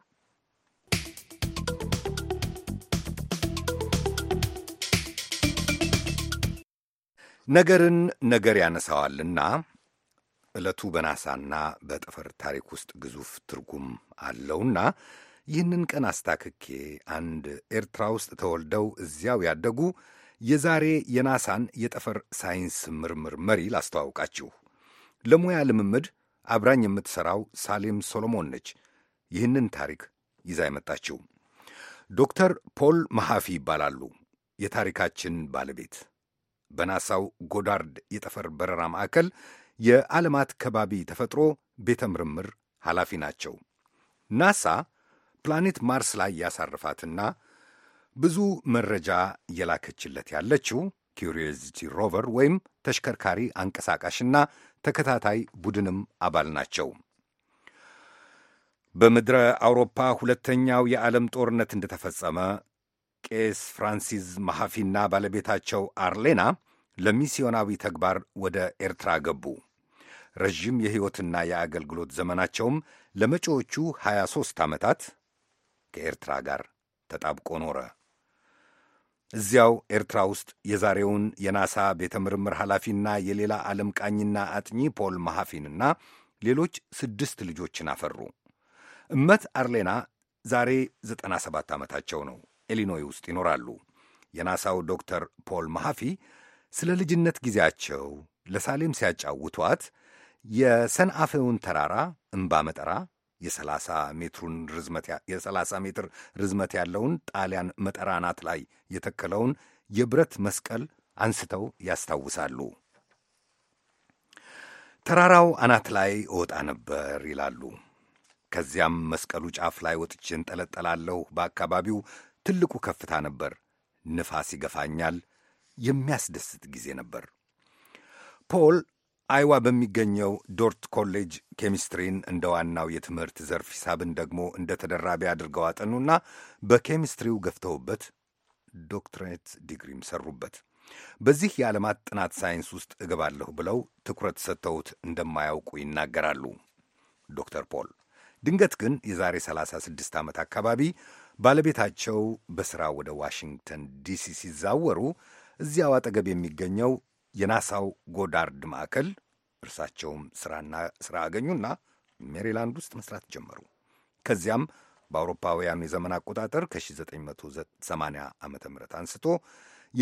ነገርን ነገር ያነሳዋልና ዕለቱ በናሳና በጠፈር ታሪክ ውስጥ ግዙፍ ትርጉም አለውና ይህንን ቀን አስታክኬ አንድ ኤርትራ ውስጥ ተወልደው እዚያው ያደጉ የዛሬ የናሳን የጠፈር ሳይንስ ምርምር መሪ ላስተዋውቃችሁ። ለሙያ ልምምድ አብራኝ የምትሠራው ሳሌም ሶሎሞን ነች። ይህንን ታሪክ ይዛ የመጣችው ዶክተር ፖል መሐፊ ይባላሉ። የታሪካችን ባለቤት በናሳው ጎዳርድ የጠፈር በረራ ማዕከል የዓለማት ከባቢ ተፈጥሮ ቤተ ምርምር ኃላፊ ናቸው። ናሳ ፕላኔት ማርስ ላይ ያሳርፋትና ብዙ መረጃ የላከችለት ያለችው ኪሪዮዚቲ ሮቨር ወይም ተሽከርካሪ አንቀሳቃሽና ተከታታይ ቡድንም አባል ናቸው። በምድረ አውሮፓ ሁለተኛው የዓለም ጦርነት እንደተፈጸመ ቄስ ፍራንሲስ መሐፊና ባለቤታቸው አርሌና ለሚስዮናዊ ተግባር ወደ ኤርትራ ገቡ። ረዥም የሕይወትና የአገልግሎት ዘመናቸውም ለመጪዎቹ 23 ዓመታት ከኤርትራ ጋር ተጣብቆ ኖረ። እዚያው ኤርትራ ውስጥ የዛሬውን የናሳ ቤተ ምርምር ኃላፊና የሌላ ዓለም ቃኝና አጥኚ ፖል መሐፊንና ሌሎች ስድስት ልጆችን አፈሩ። እመት አርሌና ዛሬ 97 ዓመታቸው ነው። ኢሊኖይ ውስጥ ይኖራሉ። የናሳው ዶክተር ፖል መሐፊ ስለ ልጅነት ጊዜያቸው ለሳሌም ሲያጫውቷት የሰንአፌውን ተራራ እምባ መጠራ የ30 ሜትር ርዝመት ያለውን ጣሊያን መጠራ አናት ላይ የተከለውን የብረት መስቀል አንስተው ያስታውሳሉ። ተራራው አናት ላይ እወጣ ነበር ይላሉ። ከዚያም መስቀሉ ጫፍ ላይ ወጥቼ እንጠለጠላለሁ። በአካባቢው ትልቁ ከፍታ ነበር። ንፋስ ይገፋኛል። የሚያስደስት ጊዜ ነበር። ፖል አይዋ በሚገኘው ዶርት ኮሌጅ ኬሚስትሪን እንደ ዋናው የትምህርት ዘርፍ ሂሳብን ደግሞ እንደ ተደራቢ አድርገው አጠኑና በኬሚስትሪው ገፍተውበት ዶክትሬት ዲግሪም ሰሩበት። በዚህ የዓለማት ጥናት ሳይንስ ውስጥ እገባለሁ ብለው ትኩረት ሰጥተውት እንደማያውቁ ይናገራሉ ዶክተር ፖል። ድንገት ግን የዛሬ 36 ዓመት አካባቢ ባለቤታቸው በሥራ ወደ ዋሽንግተን ዲሲ ሲዛወሩ እዚያው አጠገብ የሚገኘው የናሳው ጎዳርድ ማዕከል እርሳቸውም ሥራና ሥራ አገኙና ሜሪላንድ ውስጥ መስራት ጀመሩ። ከዚያም በአውሮፓውያኑ የዘመን አቆጣጠር ከ1980 ዓ ም አንስቶ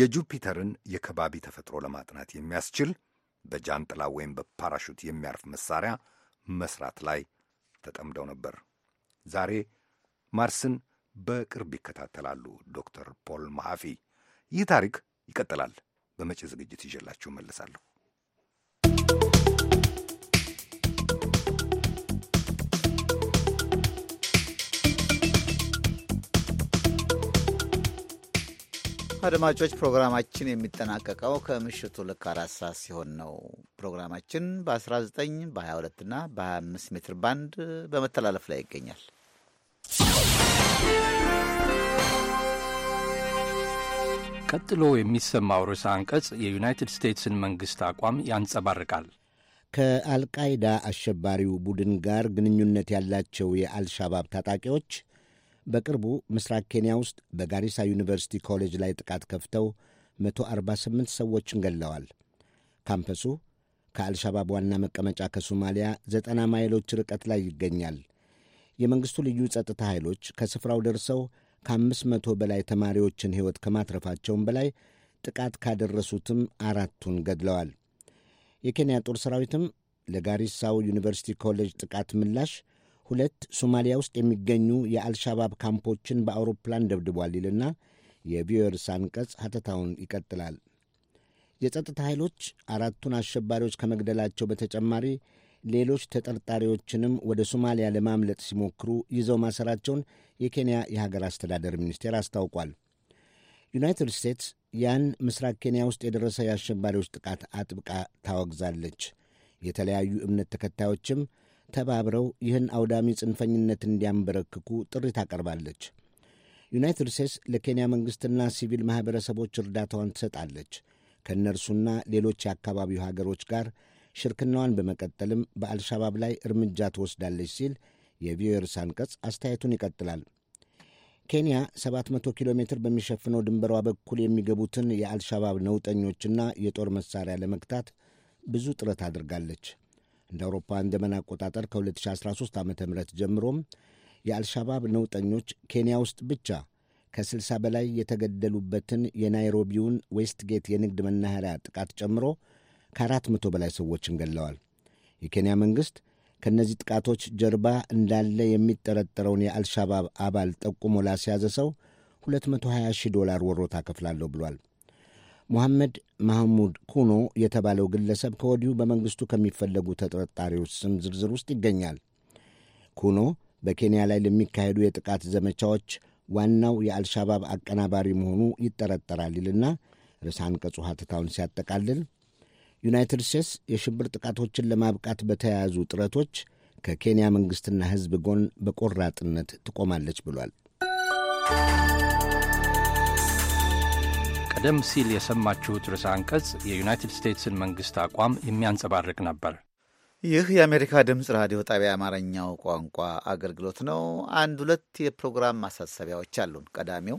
የጁፒተርን የከባቢ ተፈጥሮ ለማጥናት የሚያስችል በጃንጥላ ወይም በፓራሹት የሚያርፍ መሳሪያ መስራት ላይ ተጠምደው ነበር። ዛሬ ማርስን በቅርብ ይከታተላሉ ዶክተር ፖል ማሀፊ። ይህ ታሪክ ይቀጥላል። በመጪ ዝግጅት ይዤላችሁ መልሳለሁ። አድማጮች ፕሮግራማችን የሚጠናቀቀው ከምሽቱ ልክ አራት ሰዓት ሲሆን ነው። ፕሮግራማችን በ19 በ22 እና በ25 ሜትር ባንድ በመተላለፍ ላይ ይገኛል። ቀጥሎ የሚሰማው ርዕሰ አንቀጽ የዩናይትድ ስቴትስን መንግሥት አቋም ያንጸባርቃል። ከአልቃይዳ አሸባሪው ቡድን ጋር ግንኙነት ያላቸው የአልሻባብ ታጣቂዎች በቅርቡ ምስራቅ ኬንያ ውስጥ በጋሪሳ ዩኒቨርሲቲ ኮሌጅ ላይ ጥቃት ከፍተው 148 ሰዎችን ገለዋል። ካምፐሱ ከአልሻባብ ዋና መቀመጫ ከሶማሊያ 90 ማይሎች ርቀት ላይ ይገኛል። የመንግሥቱ ልዩ ጸጥታ ኃይሎች ከስፍራው ደርሰው ከአምስት መቶ በላይ ተማሪዎችን ሕይወት ከማትረፋቸውም በላይ ጥቃት ካደረሱትም አራቱን ገድለዋል። የኬንያ ጦር ሰራዊትም ለጋሪሳው ዩኒቨርሲቲ ኮሌጅ ጥቃት ምላሽ ሁለት ሶማሊያ ውስጥ የሚገኙ የአልሻባብ ካምፖችን በአውሮፕላን ደብድቧል ይልና የቪዮርስ አንቀጽ ሐተታውን ይቀጥላል። የጸጥታ ኃይሎች አራቱን አሸባሪዎች ከመግደላቸው በተጨማሪ ሌሎች ተጠርጣሪዎችንም ወደ ሶማሊያ ለማምለጥ ሲሞክሩ ይዘው ማሰራቸውን የኬንያ የሀገር አስተዳደር ሚኒስቴር አስታውቋል። ዩናይትድ ስቴትስ ያን ምስራቅ ኬንያ ውስጥ የደረሰ የአሸባሪዎች ጥቃት አጥብቃ ታወግዛለች። የተለያዩ እምነት ተከታዮችም ተባብረው ይህን አውዳሚ ጽንፈኝነት እንዲያንበረክኩ ጥሪ ታቀርባለች። ዩናይትድ ስቴትስ ለኬንያ መንግሥትና ሲቪል ማኅበረሰቦች እርዳታዋን ትሰጣለች። ከእነርሱና ሌሎች የአካባቢው ሀገሮች ጋር ሽርክናዋን በመቀጠልም በአልሻባብ ላይ እርምጃ ትወስዳለች ሲል የቪዮርስ አንቀጽ አስተያየቱን ይቀጥላል። ኬንያ 700 ኪሎ ሜትር በሚሸፍነው ድንበሯ በኩል የሚገቡትን የአልሻባብ ነውጠኞችና የጦር መሳሪያ ለመግታት ብዙ ጥረት አድርጋለች። እንደ አውሮፓውያን ዘመን አቆጣጠር ከ2013 ዓ ም ጀምሮም የአልሻባብ ነውጠኞች ኬንያ ውስጥ ብቻ ከ60 በላይ የተገደሉበትን የናይሮቢውን ዌስትጌት የንግድ መናኸሪያ ጥቃት ጨምሮ ከአራት መቶ በላይ ሰዎችን ገለዋል። የኬንያ መንግሥት ከእነዚህ ጥቃቶች ጀርባ እንዳለ የሚጠረጠረውን የአልሻባብ አባል ጠቁሞ ላስያዘ ሰው 220 ሺህ ዶላር ወሮታ ከፍላለሁ ብሏል። ሙሐመድ ማህሙድ ኩኖ የተባለው ግለሰብ ከወዲሁ በመንግሥቱ ከሚፈለጉ ተጠርጣሪዎች ስም ዝርዝር ውስጥ ይገኛል። ኩኖ በኬንያ ላይ ለሚካሄዱ የጥቃት ዘመቻዎች ዋናው የአልሻባብ አቀናባሪ መሆኑ ይጠረጠራል ይልና ርዕሰ አንቀጹ ሐተታውን ሲያጠቃልል ዩናይትድ ስቴትስ የሽብር ጥቃቶችን ለማብቃት በተያያዙ ጥረቶች ከኬንያ መንግሥትና ሕዝብ ጎን በቆራጥነት ትቆማለች ብሏል። ቀደም ሲል የሰማችሁት ርዕሰ አንቀጽ የዩናይትድ ስቴትስን መንግሥት አቋም የሚያንጸባርቅ ነበር። ይህ የአሜሪካ ድምፅ ራዲዮ ጣቢያ የአማርኛው ቋንቋ አገልግሎት ነው። አንድ ሁለት የፕሮግራም ማሳሰቢያዎች አሉን። ቀዳሚው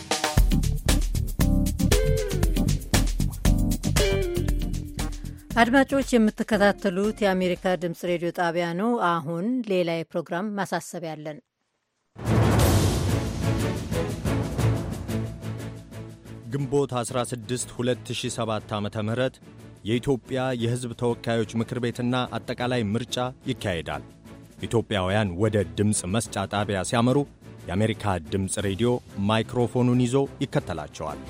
አድማጮች የምትከታተሉት የአሜሪካ ድምፅ ሬዲዮ ጣቢያ ነው። አሁን ሌላ የፕሮግራም ማሳሰቢያ አለን። ግንቦት 16 2007 ዓ ም የኢትዮጵያ የሕዝብ ተወካዮች ምክር ቤትና አጠቃላይ ምርጫ ይካሄዳል። ኢትዮጵያውያን ወደ ድምፅ መስጫ ጣቢያ ሲያመሩ የአሜሪካ ድምፅ ሬዲዮ ማይክሮፎኑን ይዞ ይከተላቸዋል።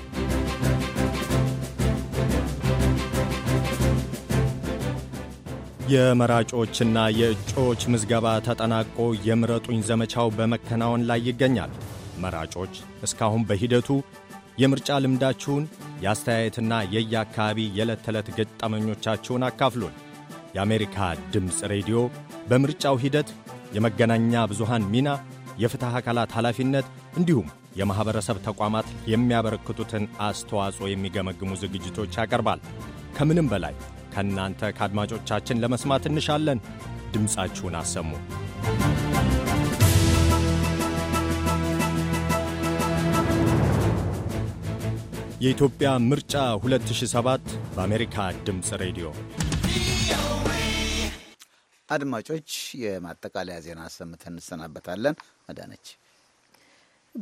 የመራጮችና የእጩዎች ምዝገባ ተጠናቆ የምረጡኝ ዘመቻው በመከናወን ላይ ይገኛል። መራጮች እስካሁን በሂደቱ የምርጫ ልምዳችሁን የአስተያየትና የየአካባቢ የዕለት ተዕለት ገጠመኞቻችሁን አካፍሉን። የአሜሪካ ድምፅ ሬዲዮ በምርጫው ሂደት የመገናኛ ብዙሃን ሚና፣ የፍትሕ አካላት ኃላፊነት እንዲሁም የማኅበረሰብ ተቋማት የሚያበረክቱትን አስተዋጽኦ የሚገመግሙ ዝግጅቶች ያቀርባል። ከምንም በላይ ከእናንተ ከአድማጮቻችን ለመስማት እንሻለን። ድምፃችሁን አሰሙ። የኢትዮጵያ ምርጫ 2007 በአሜሪካ ድምፅ ሬዲዮ። አድማጮች፣ የማጠቃለያ ዜና አሰምተን እንሰናበታለን። መዳነች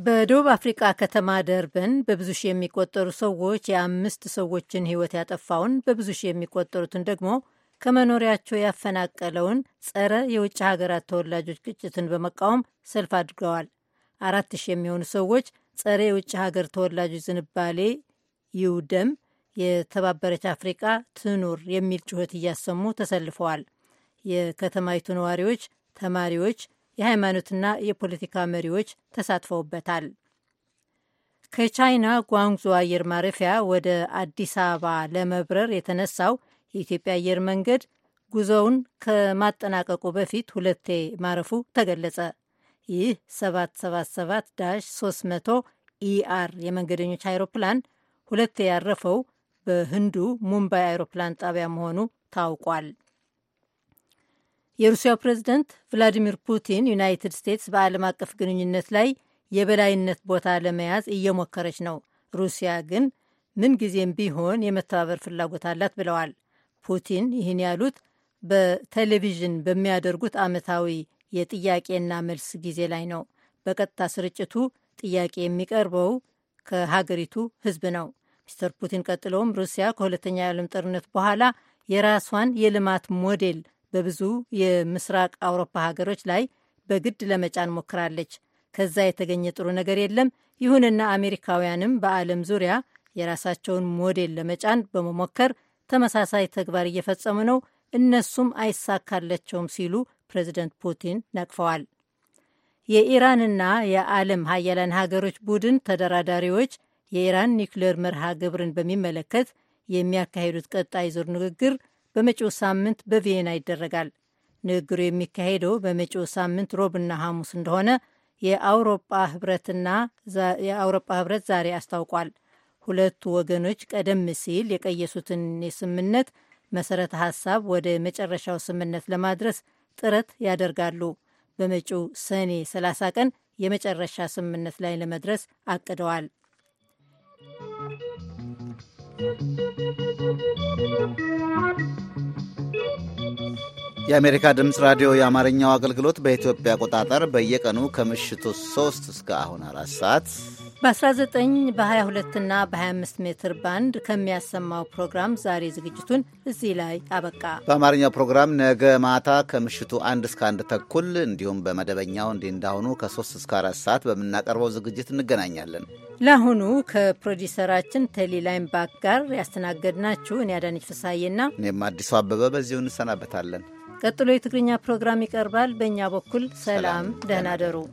በደቡብ አፍሪቃ ከተማ ደርበን በብዙ ሺህ የሚቆጠሩ ሰዎች የአምስት ሰዎችን ህይወት ያጠፋውን በብዙ ሺህ የሚቆጠሩትን ደግሞ ከመኖሪያቸው ያፈናቀለውን ጸረ የውጭ ሀገራት ተወላጆች ግጭትን በመቃወም ሰልፍ አድርገዋል። አራት ሺህ የሚሆኑ ሰዎች ጸረ የውጭ ሀገር ተወላጆች ዝንባሌ ይውደም፣ የተባበረች አፍሪቃ ትኑር የሚል ጩኸት እያሰሙ ተሰልፈዋል። የከተማይቱ ነዋሪዎች፣ ተማሪዎች የሃይማኖትና የፖለቲካ መሪዎች ተሳትፈውበታል። ከቻይና ጓንግዞ አየር ማረፊያ ወደ አዲስ አበባ ለመብረር የተነሳው የኢትዮጵያ አየር መንገድ ጉዞውን ከማጠናቀቁ በፊት ሁለቴ ማረፉ ተገለጸ። ይህ 777-300 ኢአር e የመንገደኞች አይሮፕላን ሁለቴ ያረፈው በህንዱ ሙምባይ አይሮፕላን ጣቢያ መሆኑ ታውቋል። የሩሲያው ፕሬዝደንት ቭላዲሚር ፑቲን ዩናይትድ ስቴትስ በዓለም አቀፍ ግንኙነት ላይ የበላይነት ቦታ ለመያዝ እየሞከረች ነው፣ ሩሲያ ግን ምንጊዜም ቢሆን የመተባበር ፍላጎት አላት ብለዋል። ፑቲን ይህን ያሉት በቴሌቪዥን በሚያደርጉት ዓመታዊ የጥያቄና መልስ ጊዜ ላይ ነው። በቀጥታ ስርጭቱ ጥያቄ የሚቀርበው ከሀገሪቱ ሕዝብ ነው። ሚስተር ፑቲን ቀጥለውም ሩሲያ ከሁለተኛው የዓለም ጦርነት በኋላ የራሷን የልማት ሞዴል በብዙ የምስራቅ አውሮፓ ሀገሮች ላይ በግድ ለመጫን ሞክራለች። ከዛ የተገኘ ጥሩ ነገር የለም። ይሁንና አሜሪካውያንም በዓለም ዙሪያ የራሳቸውን ሞዴል ለመጫን በመሞከር ተመሳሳይ ተግባር እየፈጸሙ ነው። እነሱም አይሳካላቸውም ሲሉ ፕሬዚደንት ፑቲን ነቅፈዋል። የኢራንና የዓለም ሀያላን ሀገሮች ቡድን ተደራዳሪዎች የኢራን ኒውክሌር መርሃ ግብርን በሚመለከት የሚያካሂዱት ቀጣይ ዙር ንግግር በመጪው ሳምንት በቪየና ይደረጋል። ንግግሩ የሚካሄደው በመጪው ሳምንት ሮብና ሐሙስ እንደሆነ የአውሮጳ ህብረትና የአውሮፓ ህብረት ዛሬ አስታውቋል። ሁለቱ ወገኖች ቀደም ሲል የቀየሱትን የስምምነት መሰረተ ሀሳብ ወደ መጨረሻው ስምምነት ለማድረስ ጥረት ያደርጋሉ። በመጪው ሰኔ 30 ቀን የመጨረሻ ስምምነት ላይ ለመድረስ አቅደዋል። የአሜሪካ ድምፅ ራዲዮ የአማርኛው አገልግሎት በኢትዮጵያ አቆጣጠር በየቀኑ ከምሽቱ 3 እስከ አሁን አራት ሰዓት በ19 በ22 እና በ25 ሜትር ባንድ ከሚያሰማው ፕሮግራም ዛሬ ዝግጅቱን እዚህ ላይ አበቃ። በአማርኛው ፕሮግራም ነገ ማታ ከምሽቱ አንድ እስከ አንድ ተኩል እንዲሁም በመደበኛው እንዲህ እንዳሁኑ ከ3 እስከ 4 ሰዓት በምናቀርበው ዝግጅት እንገናኛለን። ለአሁኑ ከፕሮዲሰራችን ቴሊ ባክ ጋር ያስተናገድናችሁ እኔ አዳነች ፍሳዬና እኔም አዲሱ አበበ በዚሁ እንሰናበታለን። ቀጥሎ የትግርኛ ፕሮግራም ይቀርባል። በእኛ በኩል ሰላም፣ ደህና ደሩ።